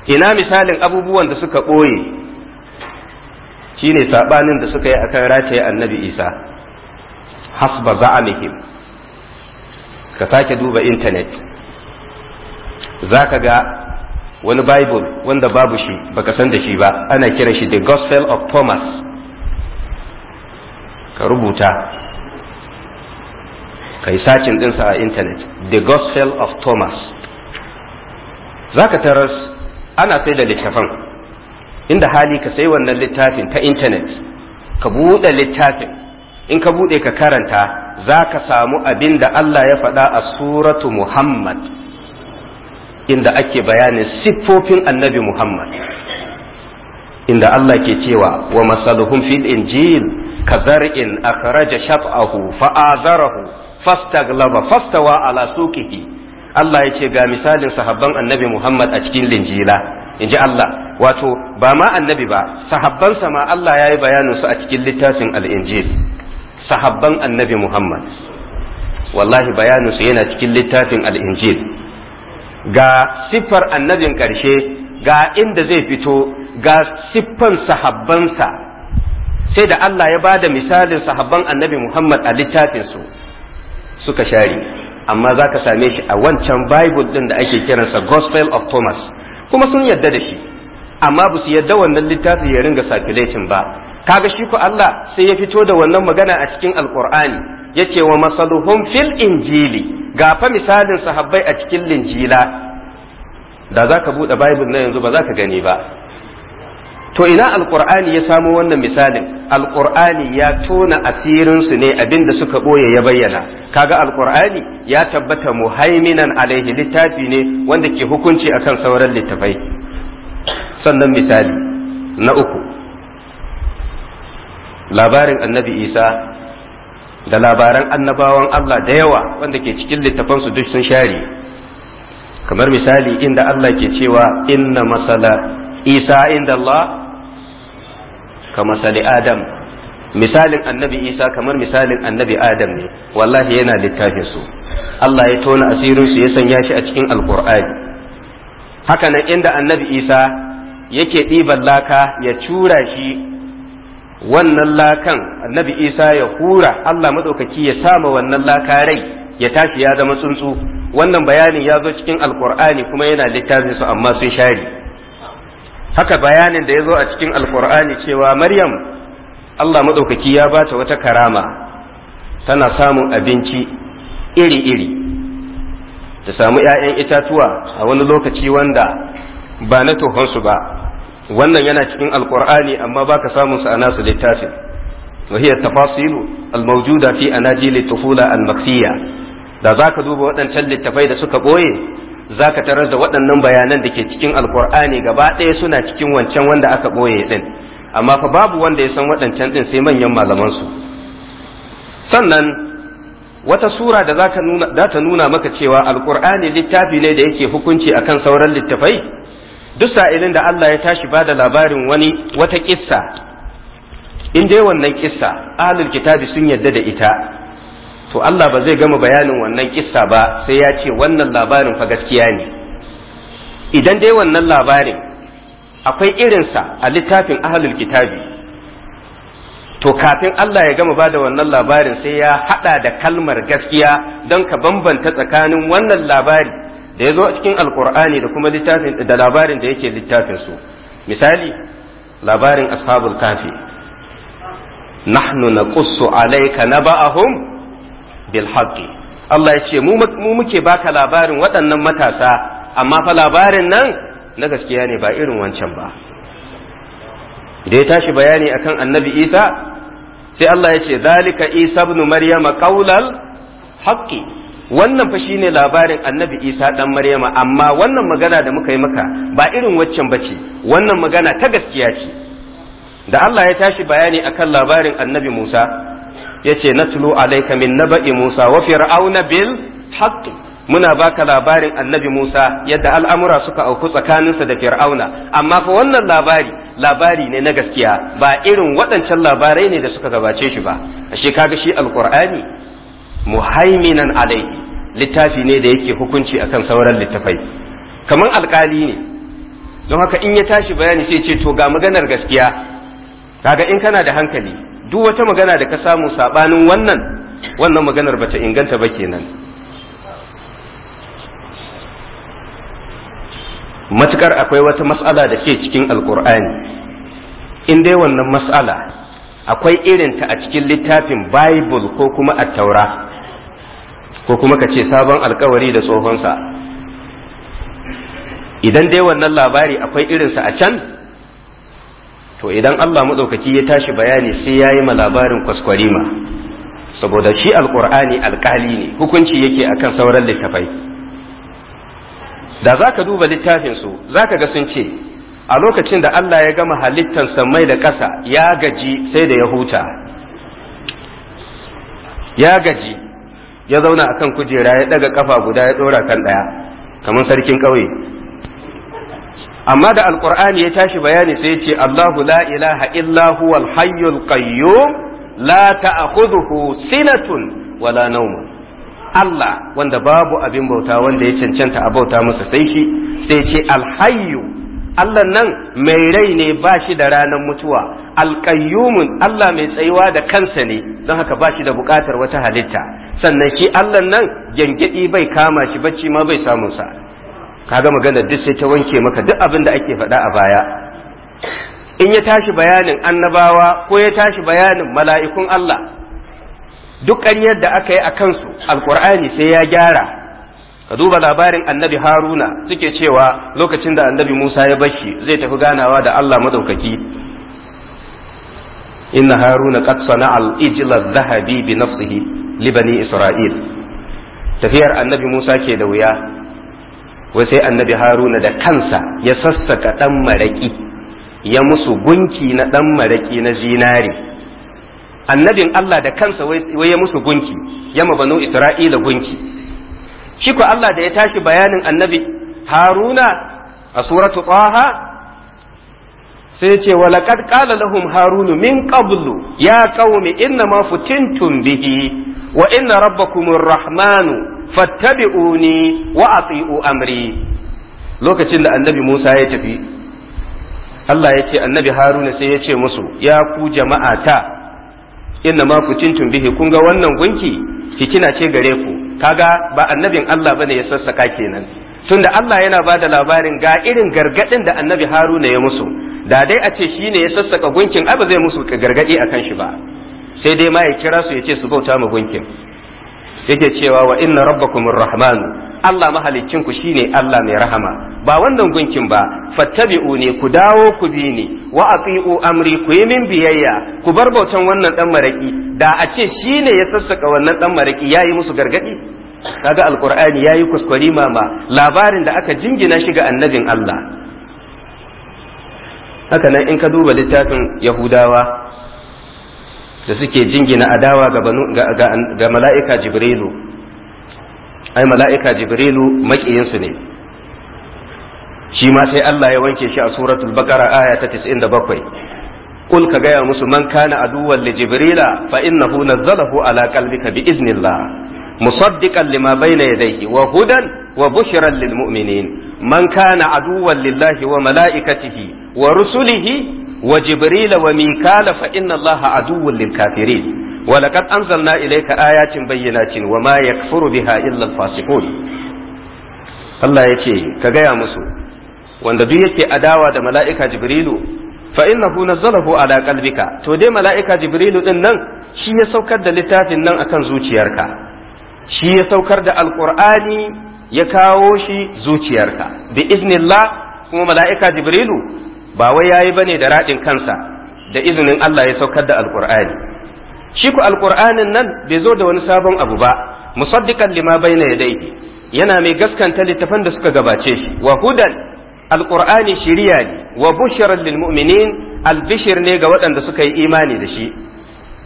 ina misalin abubuwan da suka ɓoye shine sabanin da suka yi a kan rataye annabi isa hasba za'amihim ka sake duba intanet za ka ga wani bible wanda babu shi baka san da shi ba ana kiran shi the gospel of thomas ka rubuta ka yi sacin ɗinsa a intanet the gospel of thomas za ka taras ana sai da littafan inda hali ka sai wannan littafin ta intanet ka buɗe littafin in ka buɗe ka karanta za ka samu abin da Allah ya faɗa a suratu Muhammad inda ake bayanin siffofin annabi Muhammad inda Allah ke cewa wa masaluhum fil injil كزرع أخرج شطأه فآزره فاستغلظ فاستوى على سوقه Allah ya ce ga misalin sahabban annabi Muhammad a cikin linjila in ji Allah wato ba ma annabi ba sahabbansa ma Allah ya yi bayaninsu a cikin littafin al'injil sahabban annabi Muhammad wallahi bayaninsu yana cikin littafin al'injil ga siffar annabin ƙarshe ga inda zai fito ga siffan sahabbansa sai da Allah ya ba da misalin sahabban annabi Muhammad a littafinsu suka share amma za ka same shi a wancan bible ɗin da ake kiransa gospel of thomas kuma sun yadda da shi amma ba su yadda wannan littafi ya ringa circulating ba kaga shi ko Allah sai ya fito da wannan magana a cikin alqur'ani yace wa masaluhum fil injili ga fa misalin sahabbai a cikin linjila da za ka buɗe bible na yanzu ba za ka gani ba to ina alkur'ani ya samo wannan misalin alkur'ani ya tona asirin su ne abinda suka boye ya bayyana kaga alqur'ani ya tabbata muhaiminan alaihi littafi ne wanda ke hukunci akan sauran littafai sannan misali na uku labarin annabi isa da labaran annabawan Allah da yawa wanda ke cikin littafansu duk sun share kamar misali inda Allah ke cewa inna masala isa inda Allah ka masali adam misalin annabi isa kamar misalin annabi adam ne wallahi yana littafinsu. Allah ya tona asirin su ya sanya shi a cikin alkur'ani hakanan inda annabi isa yake ɗiban laka ya cura shi wannan lakan annabi isa ya hura Allah maɗaukaki ya sama wannan laka rai ya tashi ya zama tsuntsu wannan bayanin ya zo cikin alkur'ani kuma yana littafinsu amma sun share haka bayanin da ya zo a cikin alkur'ani cewa maryam Allah maɗaukaki ya bata wata karama tana samun abinci iri-iri ta samu ‘ya'yan itatuwa a wani lokaci wanda ba na tohonsu ba wannan yana cikin alkur'ani amma ba ka samunsa a nasu littafin وهي التفاصيل fi في أناجيل al المخفية da za ka duba waɗancan littafai da suka ɓoye za ka tarar da waɗannan bayanan da ke cikin alkur'ani gaba ɗaya suna cikin wancan wanda aka ɓoye din? amma fa babu wanda ya san waɗancan ɗin sai manyan malamansu sannan wata sura da za ta nuna maka cewa alkur'ani littafi ne da yake hukunci akan sauran littafai duk sa'ilin da Allah ya tashi bada labarin wani wata kissa in dai wannan kissa ahlul kitabi sun yadda da ita to Allah ba zai gama bayanin wannan kissa ba sai ya ce wannan labarin fa gaskiya ne idan dai wannan labarin akwai irinsa a littafin ahlul kitabi to kafin Allah ya gama bada wannan labarin sai ya hada da kalmar gaskiya don ka bambanta tsakanin wannan labari da ya zo a cikin alkur'ani da kuma littafin da labarin da yake littafin su misali labarin ashabul kafi nahnu naqussu alayka naba'ahum bil haqqi Allah ya ce mu muke baka labarin waɗannan matasa amma fa labarin nan na gaskiya ne ba irin wancan ba da ya tashi bayani akan annabi isa sai Allah ya ce zalika isa ibn maryama qaulal haqqi wannan fa ne labarin annabi isa dan maryama amma wannan magana da muka yi maka ba irin waccan ce. wannan magana ta gaskiya ce da Allah ya tashi bayani akan labarin annabi musa ya ce na tulo alaika min naba'i musa wa fir'auna bil haqqi muna baka labarin annabi Musa yadda al'amura suka auku tsakaninsa da Fir'auna, amma fa wannan labari, labari ne na gaskiya ba irin waɗancan labarai ne da suka gabace shi ba, ashe kaga shi alƙur'ani muhaiminan Alai littafi ne da yake hukunci akan sauran littafai, kamar alƙali ne, don haka in ya tashi bayani sai ce to ga maganar gaskiya, kaga in kana da hankali, duk wata magana da ka samu saɓanin wannan, wannan maganar bata inganta ba kenan. matukar akwai wata matsala da ke cikin alkur'ani in dai wannan matsala akwai irinta a cikin littafin bible ko kuma a taura ko kuma ka ce sabon alkawari da tsohonsa idan dai wannan labari akwai irinsa a can to idan allah maɗaukaki ya tashi bayani sai ya yi ma labarin kwaskwarima saboda shi alkur'ani alkali ne hukunci yake akan sauran littafai da za ka duba littafinsu za ka ga sun ce a lokacin da Allah ya gama halittan samai da ƙasa ya gaji sai da ya huta ya gaji ya zauna a kan kujera ya ɗaga ƙafa guda ya ɗora kan ɗaya kamar sarkin ƙauye amma da alƙur'ani ya tashi bayani sai ce Allahu la ilaha illa kayyo hayyul qayyum la ta'khudhuhu sinatun wala nauma. Allah wanda babu abin bauta wanda ya cancanta a bauta masa sai shi sai ce alhayyu Allah nan mai rai ne ba shi da ranar mutuwa Alƙayyumin Allah mai tsayuwa da kansa ne don haka ba shi da buƙatar wata halitta sannan shi Allah nan gyangyaɗi bai kama shi bacci ma bai samun sa ga magana duk sai ta wanke maka duk abin da ake faɗa a baya in ya tashi bayanin annabawa ko ya tashi bayanin mala'ikun Allah duk ƙaryar da aka yi a kansu alƙur'ani sai ya gyara ka duba labarin annabi haruna suke cewa lokacin da annabi musa ya bashi zai tafi ganawa da allah madaukaki inna haruna qad sana'a al dhahabi bi nafsihi li bani isra'il tafiyar annabi musa ke da wuya wai sai annabi haruna da kansa ya sassaka dan maraki ya musu gunki na dan maraki na zinare annabin Allah da kansa wai ya musu gunki yama banu Isra'ila gunki shi ko Allah da ya tashi bayanin annabi Haruna a suratu Taha sai ce wa laqad qala lahum harunu min qablu ya qaumi inna ma futintum bihi wa inna rabbakumur rahmanu fattabi'uni wa ati'u amri lokacin da annabi Musa ya tafi Allah ya ce annabi Haruna sai ya ce musu ya ku jama'ata inna ma futintun bihi kun ga wannan gunki fitina ce gare ku kaga ba annabin Allah bane ya sassaka kenan tunda Allah yana ba da labarin ga irin gargadin da annabi Haruna ya musu da dai a ce shine ya sassaka gunkin ai ba zai musu gargadi akan shi ba sai dai ma ya kira su ya ce su bauta ma gunkin yake cewa wa inna rabbakumur rahmanu Allah mahalicin ku ne Allah mai rahama ba wannan gunkin ba fattabi'u ne ku dawo ku bi ni wa atiu amri ku yi min biyayya ku bar bautan wannan dan maraki da a ce shi ne ya sassaka wannan dan maraki yi musu gargadi kaga alqur'ani yi kuskure mama labarin da aka jingina shi ga annabin Allah haka nan in ka duba littafin yahudawa da suke jingina adawa ga mala'ika jibrilu ai mala'ika jibrilu maƙiyinsu ne shi ma sai Allah ya wanke shi a suratul bakara aya ta 97 qul ka gaya musu man kana aduwwan li jibrila fa innahu nazzalahu ala qalbika bi iznillah musaddiqan lima bayna yadayhi wa hudan wa bushran lil mu'minin man kana aduwwan lillahi wa malaikatihi wa rusulihi wa jibril wa mikala fa inna allaha aduwwun lil kafirin wa laqad anzalna ilayka ayatin bayyinatin wa ma yakfuru biha illa al Allah ya ce ka gaya musu wanda duk yake adawa da mala'ika jibrilu fa innahu nazzalahu ala qalbika to dai mala'ika jibrilu ɗin nan shi ya saukar da littafin nan a kan zuciyarka shi ya saukar da alqur'ani ya kawo shi zuciyarka bi iznillah kuma mala'ika jibrilu ba wai yayi bane da raɗin kansa da izinin Allah ya saukar da alqur'ani shi ku alqur'anin nan bai zo da wani sabon abu ba musaddiqan lima ya yadayhi yana mai gaskanta littafan da suka gabace shi wa hudan alqur'ani shiriya ne wa bushran lil mu'minin albishir ne ga waɗanda suka yi imani da shi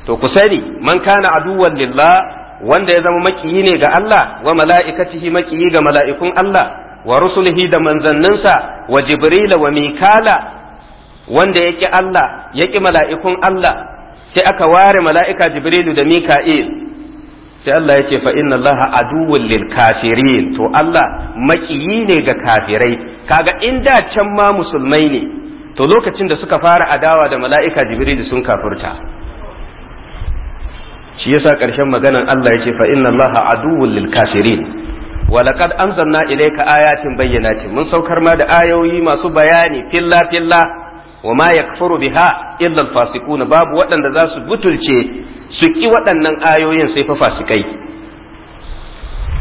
to ku sani man kana aduwan lillah wanda ya zama makiyi ne ga Allah wa mala'ikatihi makiyi ga mala'ikun Allah wa rusulihi da manzanninsa wa jibrila wa mikala wanda ya ƙi Allah ya ƙi mala'ikun Allah sai aka ware mala'ika Jibrilu da Mika'il sai Allah ya ce fa Allah aduwwul lil kafirin to Allah maƙiyi ne ga kafirai kaga in da can ma musulmai ne to lokacin da suka fara adawa da mala'ika Jibrilu sun kafurta shi yasa ƙarshen maganan Allah ya ce fa inna Allah aduwwul lil kafirin ولقد أنزلنا إليك آيات بينات mun saukar ma da ayoyi masu bayani filla filla. wa ma yakfuru biha illa al-fasiqun babu waɗanda za su butulce su ƙi waɗannan ayoyin sai fa fasikai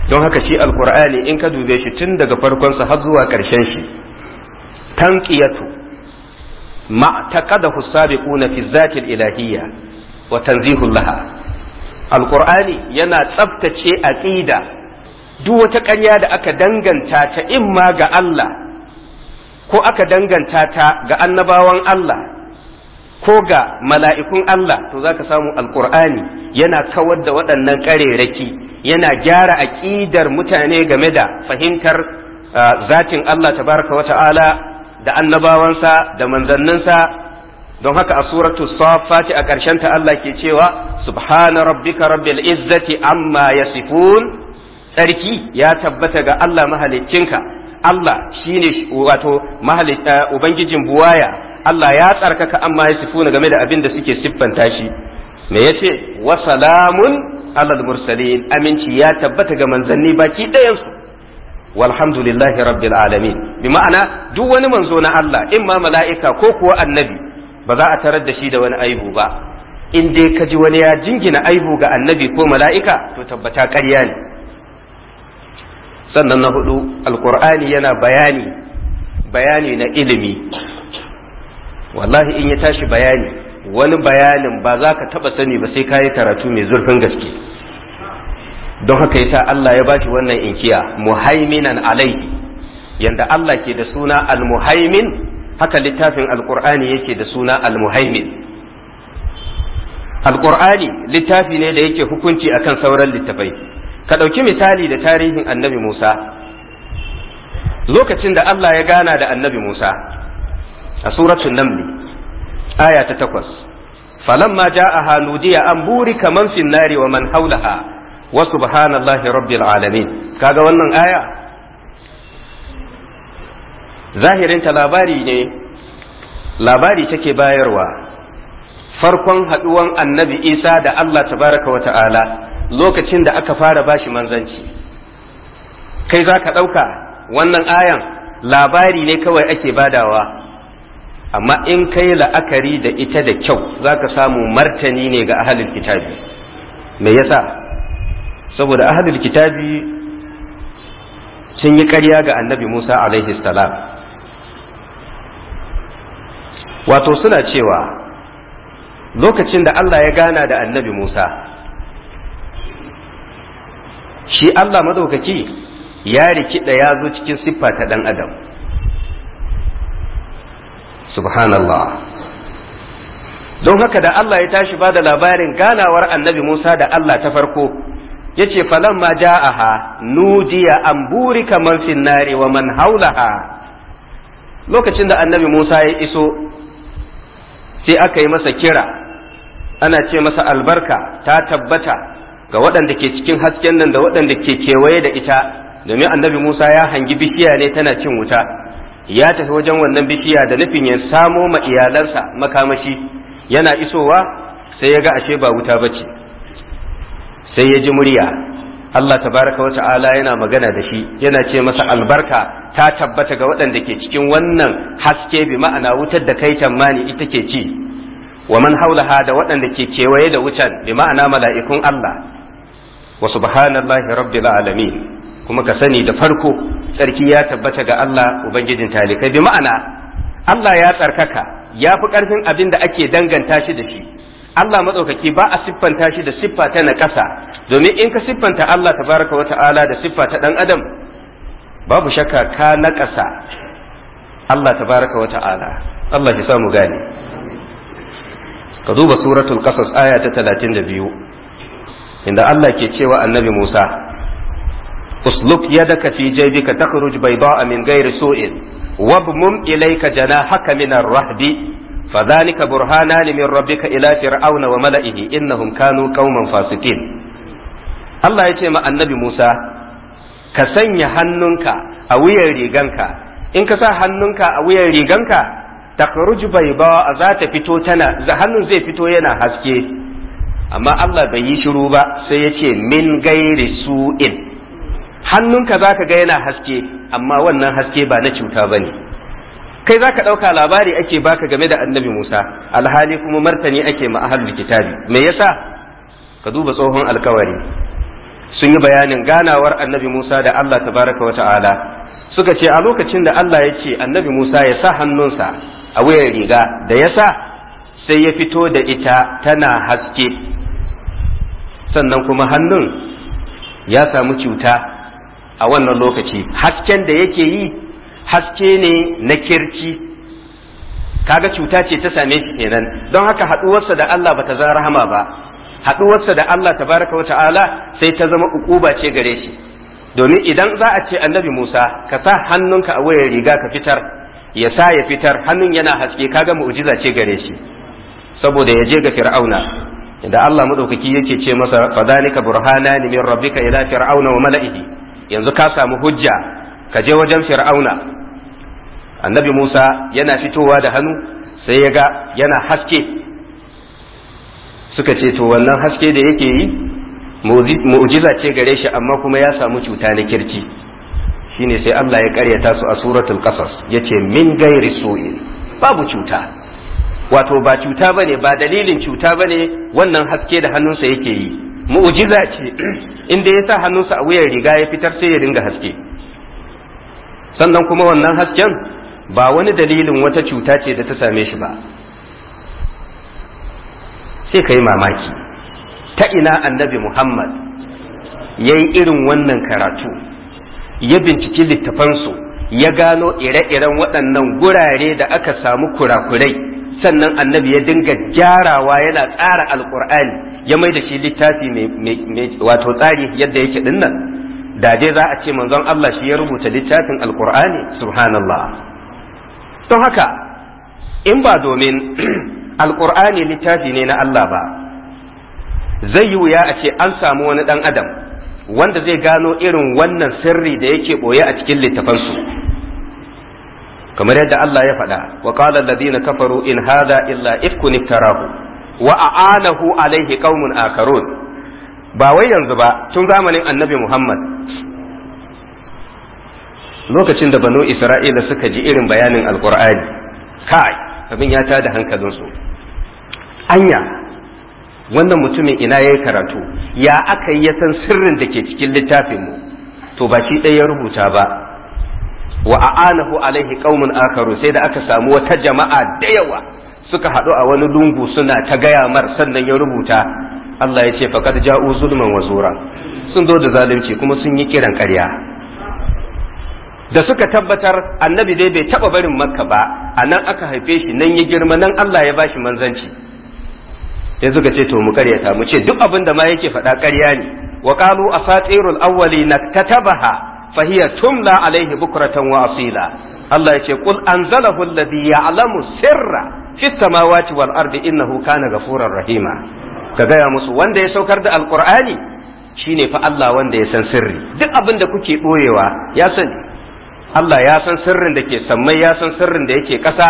don haka shi alkur'ani in ka dube shi tun daga farkon sa har zuwa ƙarshen shi tanqiyatu ma taqadahu sabiquna fi zati ilahiyya wa tanzihu laha yana tsaftace aƙida duk wata ƙarya da aka danganta ta imma ga Allah ko aka danganta ta ga annabawan Allah ko ga mala'ikun Allah to za ka samu alkur'ani yana kawar da waɗannan ƙarerraki yana gyara aƙidar mutane game da fahimtar uh, zatin Allah ta baraka wa ta'ala da annabawansa da manzanninsa don haka a suratu safati a ta Allah ke cewa subhana rabbika rabbil izzati amma yasifun tsarki ya tabbata ga Allah mahaliccinka Allah shi ne wato eh, ubangijin buwaya Allah ya tsarkaka amma ya sifuna game da abin da suke siffanta shi me ya ce? wa salamun alal mursalin aminci ya tabbata ga manzanni baki ɗayansu walhamdulillahi rabbil alamin bi ma'ana duk wani manzo na Allah in ma mala'ika ko kuwa annabi ba za a tarar da shi da wani aibu ba in dai ka ji wani ya jingina aibu ga annabi ko mala'ika to tabbata ƙarya ne sannan na hudu alkur'ani yana bayani bayani na ilimi wallahi in ya tashi bayani wani bayanin ba za ka taba sani ba sai kayi karatu mai zurfin gaske don haka yasa Allah ya bashi wannan inkiya muhaiminan alaihi yanda Allah ke da suna almuhaimin haka littafin alkur'ani yake da suna almuhaimin alkur'ani littafi ne da yake hukunci akan sauran littafai ka ɗauki misali da tarihin annabi Musa lokacin da Allah ya gana da annabi Musa a suratun namni, aya ta takwas falamma ja'aha nudiya an buri kaman fin nari wa man haulaha wa subhanallahi rabbil alamin kaga wannan aya zahirinta labari ne labari take bayarwa farkon haɗuwan annabi isa da Allah tabaraka wa ta'ala lokacin da aka fara bashi manzanci kai za ka ɗauka wannan ayan labari ne kawai ake badawa amma in kai la'akari da ita da kyau za ka samu martani ne ga ahalin kitabi me yasa saboda ahalin kitabi sun yi ƙarya ga annabi musa alaihi salam wato suna cewa lokacin da allah ya gana da annabi musa shi Allah madaukaki ya rikida ya zo cikin siffa ta ɗan adam subhanallah don haka da Allah ya tashi ba da labarin ganawar annabi Musa da Allah ta farko ya ce falan ma ja'aha nudiya an buri kamar finnari wa man haulaha lokacin da annabi Musa ya iso sai aka yi masa kira ana ce masa albarka ta tabbata ga waɗanda ke cikin hasken nan da waɗanda ke kewaye da ita domin annabi Musa ya hangi bishiya ne tana cin wuta ya tafi wajen wannan bishiya da nufin ya samo ma iyalansa makamashi yana isowa sai ya ga ashe ba wuta ba ce sai ya ji murya Allah Ta baraka tabaraka wata'ala yana magana da shi yana ce masa albarka ta tabbata ga waɗanda ke cikin wannan haske bi ma'ana wutar da kai tammani ita ke ci wa man haulaha da waɗanda ke kewaye da wutan bi ma'ana mala'ikun Allah wa subhanallahi rabbil alamin kuma ka sani da farko tsarki ya tabbata ga Allah ubangijin talikai bi ma'ana Allah ya tsarkaka ya fi karfin abin da ake danganta shi da shi Allah maɗaukaki ba a siffanta shi da siffa ta na ƙasa domin in ka siffanta Allah tabaraka wa ta'ala da siffa ta ɗan adam babu shakka ka na ƙasa Allah tabaraka wa ta'ala Allah shi samu gane ka duba suratul qasas aya ta 32 inda Allah ke cewa annabi Musa, Usluk ya daga fi jaibi ka ta kuruj bai ba a min gairi so’in, wab mum ilai ka jana haka minan rahbi, fa zani ka burhana ni min rabbi ka ila fir'auna wa mala’ihi inna hun kanu kauman fasikin. Allah ya ce ma annabi Musa, ka sanya hannunka a wuyan riganka, in ka sa hannunka a wuyan riganka, ta kuruj za ta fito tana, hannun zai fito yana haske. amma Allah bai yi shiru ba sai ya ce min gairi su'in hannunka za ka ga yana haske amma wannan haske ba na cuta ba ne kai za ka ɗauka labari ake baka game da annabi musa alhali kuma martani ake ma ahlul kitabi me yasa ka duba tsohon alkawari sun yi bayanin ganawar annabi musa da allah tabaraka wa ta'ala suka ce a lokacin da allah ya ce annabi musa ya sa hannunsa a wuyan riga da yasa sai ya fito da ita tana haske sannan kuma hannun ya samu cuta a wannan lokaci hasken da yake yi haske ne na kirci kaga cuta ce ta same shi kenan don haka haɗuwarsa da Allah ba ta zama rahama ba haɗuwarsa da Allah tabaraka wa ta'ala sai ta zama ukuba ce gare shi domin idan za a ce annabi Musa ka sa hannunka a wayar riga ka fitar ya sa ya fitar hannun yana haske kaga mu'ujiza ce gare shi saboda ya je ga fir'auna inda Allah madaukaki yake ce masa fadhalika burhanani min rabbika ila fir'auna wa mala'ihi yanzu ka samu hujja ka je wajen fir'auna annabi Musa yana fitowa da hannu sai ya ga yana haske suka ce to wannan haske da yake yi mu'jiza ce gare shi amma kuma ya samu cuta na kirci shine sai Allah ya karyata su a suratul qasas yace min gairi su'in babu cuta wato ba cuta bane ba dalilin cuta bane wannan haske da hannunsa yake yi mu'jiza ce (clears throat) inda ya sa hannunsa a wuyan riga ya fitar sai ya dinga haske sannan kuma wannan hasken ba wani dalilin wata cuta ce da ta same shi ba sai ka yi mamaki ta ina annabi muhammad ya yi irin wannan karatu ya binciki littafansu ya gano ire-iren waɗannan gurare da aka samu kurakurai sannan annabi ya dinga gyarawa yana tsara alkur'ani ya mai da shi littafi mai wato tsari yadda yake dinnan da dai za a ce manzon Allah shi ya rubuta littafin alkur'ani subhanallah don haka in ba domin (clears throat) alkur'ani littafi ne na Allah ba zai yi wuya a ce an samu wani dan adam wanda zai gano irin wannan sirri da yake boye a cikin littafansu kamar yadda Allah ya faɗa wa qala alladhina kafaru in hadha illa ifkun iftarahu wa a'anahu alaihi qaumun akharun ba wai yanzu ba tun zamanin annabi Muhammad lokacin da banu Isra'ila suka ji irin bayanin alqur'ani kai abin ya tada hankalinsu anya wannan mutumin ina yayi karatu ya aka yi ya san sirrin da ke cikin littafinmu to ba shi ɗaya ya rubuta ba wa a'anahu alaihi qaumun akharu sai da aka samu wata jama'a da yawa suka haɗu a wani lungu suna ta gaya mar sannan ya rubuta Allah ya ce faqad ja'u zulman wa zura sun zo da zalunci kuma sun yi kiran ƙarya da suka tabbatar annabi dai bai taba barin makka ba a nan aka haife shi nan ya girma nan Allah ya bashi manzanci sai suka ce to mu karyata mu ce duk abin da ma yake faɗa ƙarya ne wa qalu asatirul ta tatabaha fahiya tumla alaihi bukratan wa asila Allah ce qul anzalahu alladhi ya'lamu sirra fis samawati wal ardi innahu kana ghafurar rahima ka gaya musu wanda ya saukar da alkur'ani shine fa Allah wanda ya san sirri duk abin da kuke boyewa ya sani Allah ya san sirrin da ke sammai ya san sirrin da yake ƙasa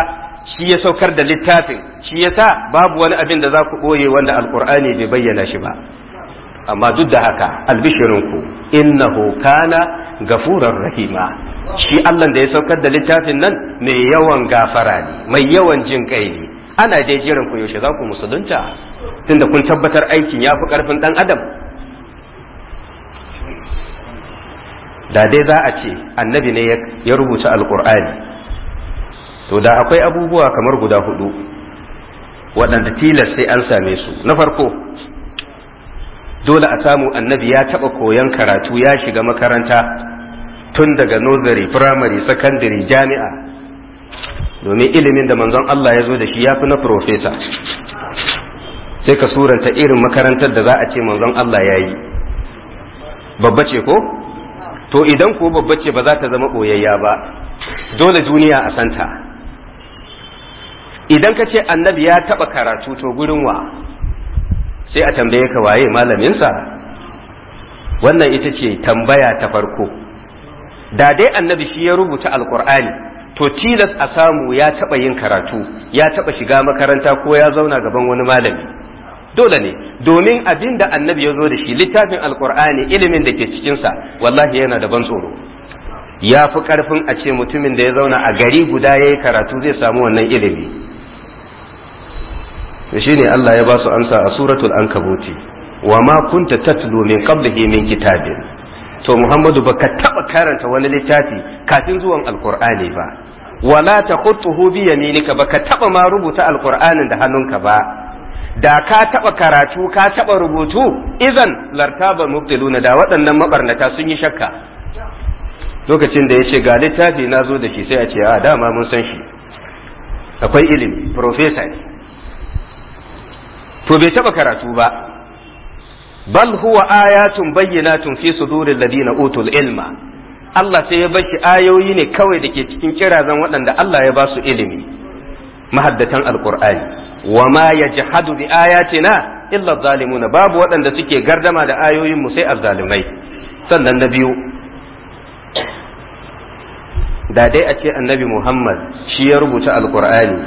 shi ya saukar da littafin shi ya sa babu wani abin da za ku ɓoye wanda alkur'ani bai bayyana shi ba amma duk da haka albishirinku innahu kana gafurar rahima shi Allah da ya saukar da littafin nan mai yawan gafara ne mai yawan jin kai ne ana dai jiran ku yaushe za ku musulunta tunda kun tabbatar aikin ya fi karfin dan adam da dai za a ce annabi ne ya rubuta alkur'ani to da akwai abubuwa kamar guda hudu waɗanda tilas sai an same su na farko dole a samu annabi ya taɓa koyon karatu ya shiga makaranta tun daga nursery primary secondary jami'a domin ilimin da manzon Allah ya zo da shi ya fi na profesa sai ka suranta irin makarantar da za a ce manzon Allah ya yi babba ce ko to idan ko babba ce ba za ta zama ɓoyayya ba dole duniya a santa idan ka ce annabi ya taɓa karatu to gurin wa sai a tambaye ka waye malaminsa wannan ita ce tambaya ta farko da dai annabi shi ya rubuta alkur'ani to tilas a samu ya taɓa yin karatu ya taɓa shiga makaranta ko ya zauna gaban wani malami dole ne domin abin da annabi ya zo da shi littafin alkur'ani ilimin da ke cikinsa wallahi yana da ban tsoro ya fi ƙarfin a ce mutumin da ya zauna a gari guda ya yi karatu zai samu wannan ilimi shi ne Allah ya ba su amsa a suratul ankabuti wa ma kunta tatlu min qablihi min kitabin to muhammadu baka taba karanta wani littafi kafin zuwan alqur'ani ba wala ta khutuhu bi yaminika baka taba ma rubuta alqur'anin da hannunka ba da ka taba karatu ka taba rubutu idan lartaba mubtiluna da waɗannan mabarnata sun yi shakka lokacin da yace ga littafi na zo da shi sai a ce a dama mun san shi akwai ilimi profesa ne to bai taba karatu ba bal huwa ayatun bayyinatun fi suduril ladina utul ilma Allah sai ya bar shi ayoyi ne kawai da ke cikin kirazan waɗanda Allah ya ba su ilimi mahaddatan alqur'ani wa ma yajhadu ce na? illa zalimuna babu waɗanda suke gardama da ayoyin mu sai azzalumai sannan na biyu da dai a ce annabi Muhammad shi ya rubuta alqur'ani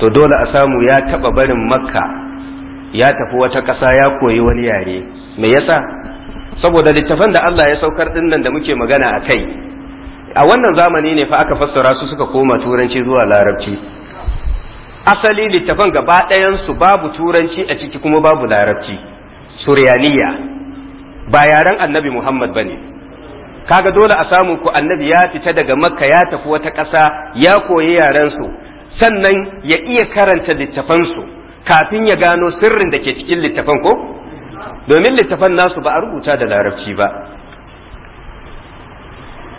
to dole a samu ya taɓa barin makka ya tafi wata ƙasa ya koyi wani yare me yasa saboda littafan da Allah ya saukar din nan da muke magana a kai a wannan zamani ne fa aka fassara su suka koma turanci zuwa larabci asali littafan gaba ɗayansu babu turanci a ciki kuma babu larabci suryaniya ba yaren annabi Muhammad bane ne kaga dole a samu ku annabi ya fita daga makka ya tafi wata ƙasa ya koyi yarensu sannan ya iya karanta littafansu kafin ya gano sirrin da ke cikin littafan ko domin littafan nasu ba a rubuta da larabci ba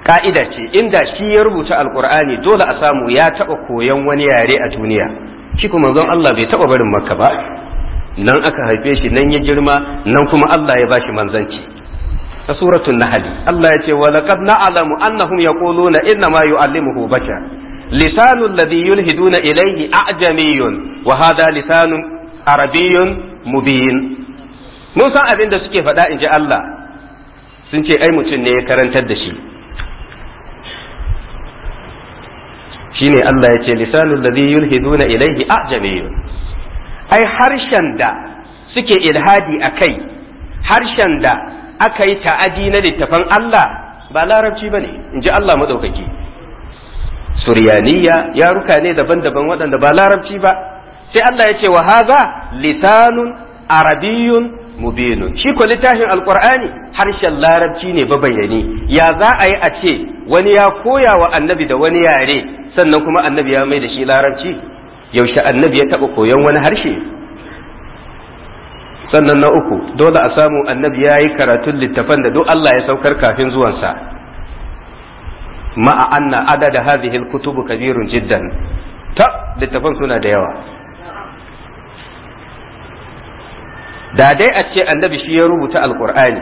ka'ida ce inda shi ya rubuta alkur'ani dole a samu ya taba koyon wani yare a duniya shi kuma zan Allah bai taba barin makka ba nan aka haife shi nan ya girma nan kuma Allah ya bashi manzanci a suratul nahl Allah ya ce wa laqad na'lamu annahum yaquluna inna ma yu'allimuhu bashar Lisanu ladhi yulhiduna ilayhi a'jamiyun wa hadha lisanun arabiyyun mubin mun san abin da suke faɗa in ji Allah sun ce ai mutum ne ya karantar da shi shine Allah ya ce lisanul ladhi yulhiduna ilayhi a'jamiyun ai harshen da suke ilhadi a kai harshen da aka yi ta'adi na littafan Allah ba larabci bane in ji Allah madaukaki suryaniya yaruka ne daban-daban waɗanda ba larabci ba sai Allah ya ce wa haza lisanun arabiyun mubinun shi ko littafin alqur'ani harshen larabci ne babayani ya za a yi a ce wani ya koya wa annabi da wani yare sannan kuma annabi ya mai da shi larabci yaushe annabi ya taɓa koyon wani harshe sannan na uku dole a samu annabi ya yi karatun littafan da duk Allah ya saukar kafin zuwansa ma'a anna adada hadhihi al-kutubu kabirun jiddan ta littafan suna da yawa da dai a ce annabi shi ya rubuta alkur'ani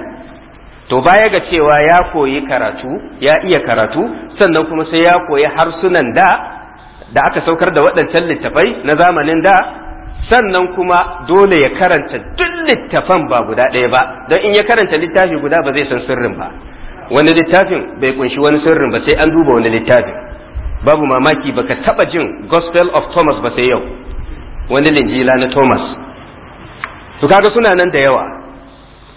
to baya ga cewa ya koyi karatu ya iya karatu sannan kuma sai ya koyi harsunan da da aka saukar da waɗancan littafai na zamanin da sannan kuma dole ya karanta duk littafan ba guda ɗaya ba don in ya karanta littafi guda ba zai san sirrin ba wani littafin bai kunshi wani sirrin ba sai an duba wani littafin babu mamaki baka taba jin gospel of thomas ba sai yau wani linjila na thomas to kaga suna nan da yawa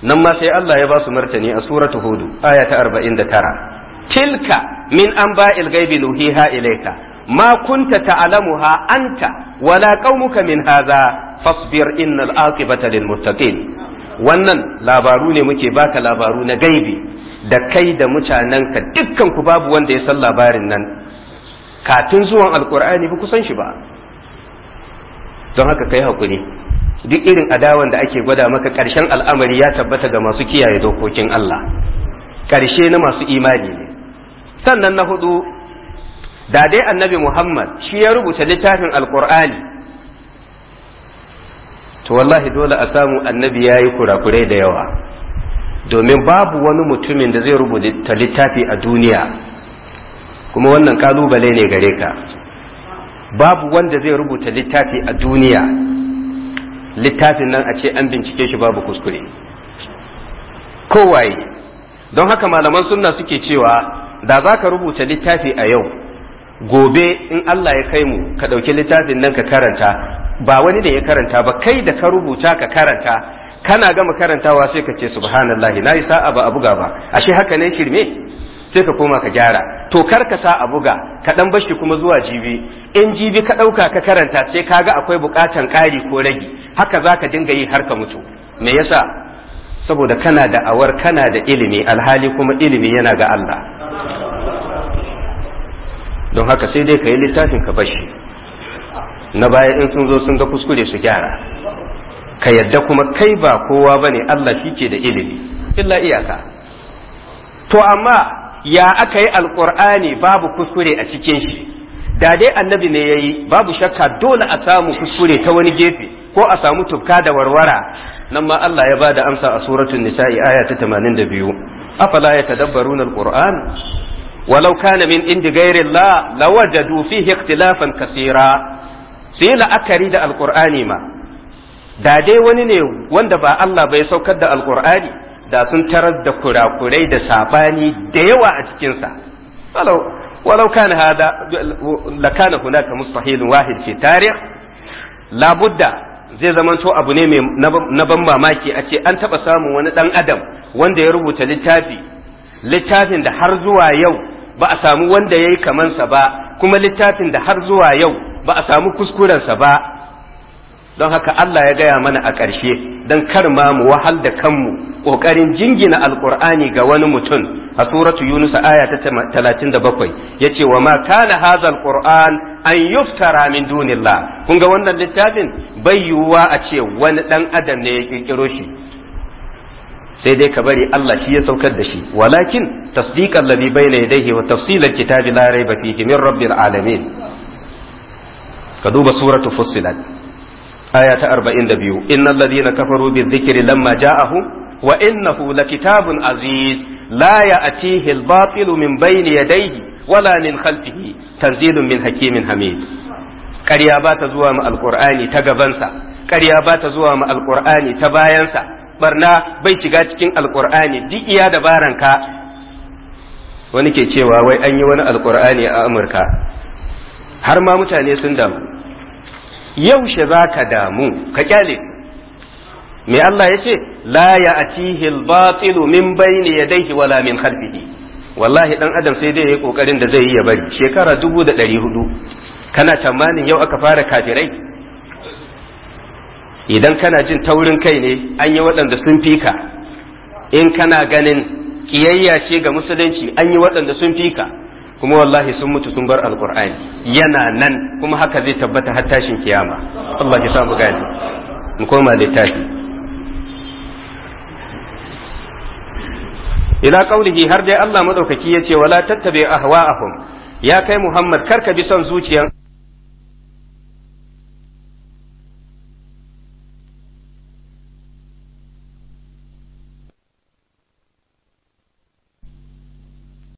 nan ma sai Allah ya ba su martani a suratu hudu aya ta 49 tilka min anba'il ghaibi nuhiha ilayka ma kunta ta'lamuha anta wala qaumuka min hadha fasbir innal aqibata lil muttaqin wannan labaru ne muke baka labaru na gaibi da kai da mutanenka dukkan ku babu wanda ya san labarin nan kafin zuwan alkur'ani ba ku san shi ba don haka kai hakuri duk irin adawan da ake gwada maka ƙarshen al'amari ya tabbata ga masu kiyaye dokokin Allah ƙarshe na masu imani ne sannan na hudu da dai annabi Muhammad shi ya rubuta littafin alkur'ani to wallahi dole a samu annabi ya yi kurakurai da yawa domin babu wani mutumin da zai rubuta littafi a duniya kuma wannan kalubale ne gare ka babu wanda zai rubuta littafi a duniya littafin nan a ce an bincike shi babu kuskure kowaye don haka malaman sunna suke cewa da za ka rubuta littafi a yau gobe in Allah ya kai mu ka ɗauki littafin nan ka karanta ba wani da ya karanta ba kai da ka rubuta ka karanta kana gama karantawa sai ka ce subhanallahi yi sa'a ba a buga ba ashe haka ne shirme sai ka koma ka gyara to kar ka sa a buga ka dan bashi kuma zuwa jibi in jibi ka dauka ka karanta sai ka ga akwai bukatan ƙari ko ragi haka zaka dinga yi har ka mutu me yasa saboda kana da awar kana da ilimi alhali kuma ilimi yana ga Allah don haka sai dai ka yi littafin ka bashi na baya in sun zo sun ga kuskure su gyara ka yadda kuma kai ba kowa bane Allah shi ke da ilimi illa iyaka to amma ya aka yi alƙur'ani babu kuskure a cikin shi da dai annabi ne ya yi babu shakka dole a samu kuskure ta wani gefe ko a samu tufka da warwara nan ma Allah ya ba da amsa a suratun nisa'i aya ta 82 afala yatadabbaruna alquran walau kana min indi ghairi Allah lawajadu fihi ikhtilafan kaseera sai la'akari da alqur'ani ma da dai wani ne wanda ba Allah bai saukar da alkur'ani da sun taras da kurakurai da sabani da yawa a cikinsa walau walau kana hada la hunaka mustahilun wahid fi tarih. labudda zai zamanto abu ne mai na ban mamaki a ce an taba samun wani dan adam wanda ya rubuta littafi littafin da har zuwa yau ba a samu wanda ya yi kamansa ba kuma littafin da har zuwa yau ba a samu kuskurensa ba don haka Allah ya gaya mana a ƙarshe don kar ma mu wahal da kanmu ƙoƙarin jingina alƙur'ani ga wani mutum a suratu yunus aya ta 37 yace wa ma kana hazal qur'an an yuftara min dunillah kun ga wannan littafin bai yiwuwa a ce wani dan adam ne ya kirkiro shi sai dai ka bari Allah shi ya saukar da shi walakin tasdiqan ladhi na yadayhi wa tafsilal kitabi la rayba fihi min rabbil alamin ka duba suratu fussilat aya ta 42 innal ladina kafaru bizikri lamma ja ja'ahum wa innahu lakitabun aziz la ya'tihi al-batilu min ya daihi wala min khalfihi tanzirin min hakimin hamid Karya ba ta zuwa ma alqur'ani ta gabansa ƙarya ba ta zuwa ma alqur'ani ta bayansa barna bai shiga cikin alqur'ani duk iya dabaranka wani ke cewa wai an yi wani alqur'ani a amurka har ma mutane sun damu yaushe za ka damu ka kyale me Allah ya ce la ya atihi al-batilu min bayni yadayhi wala min khalfihi wallahi dan adam sai dai yi kokarin da zai yi ya bari shekara dubu da ɗari hudu kana tamanin yau aka fara kafirai idan kana jin taurin kai ne an yi waɗanda sun fika in kana ganin ƙiyayya ce ga musulunci an yi waɗanda sun fika kuma wallahi sun mutu sun bar alkur'ani yana nan kuma haka zai tabbata har tashin kiyama Allah ya samu gani mu koma littafi ila qaulihi har dai Allah madaukaki yace wala tattabi ahwa'ahum ya kai Muhammad karka bi son zuciyan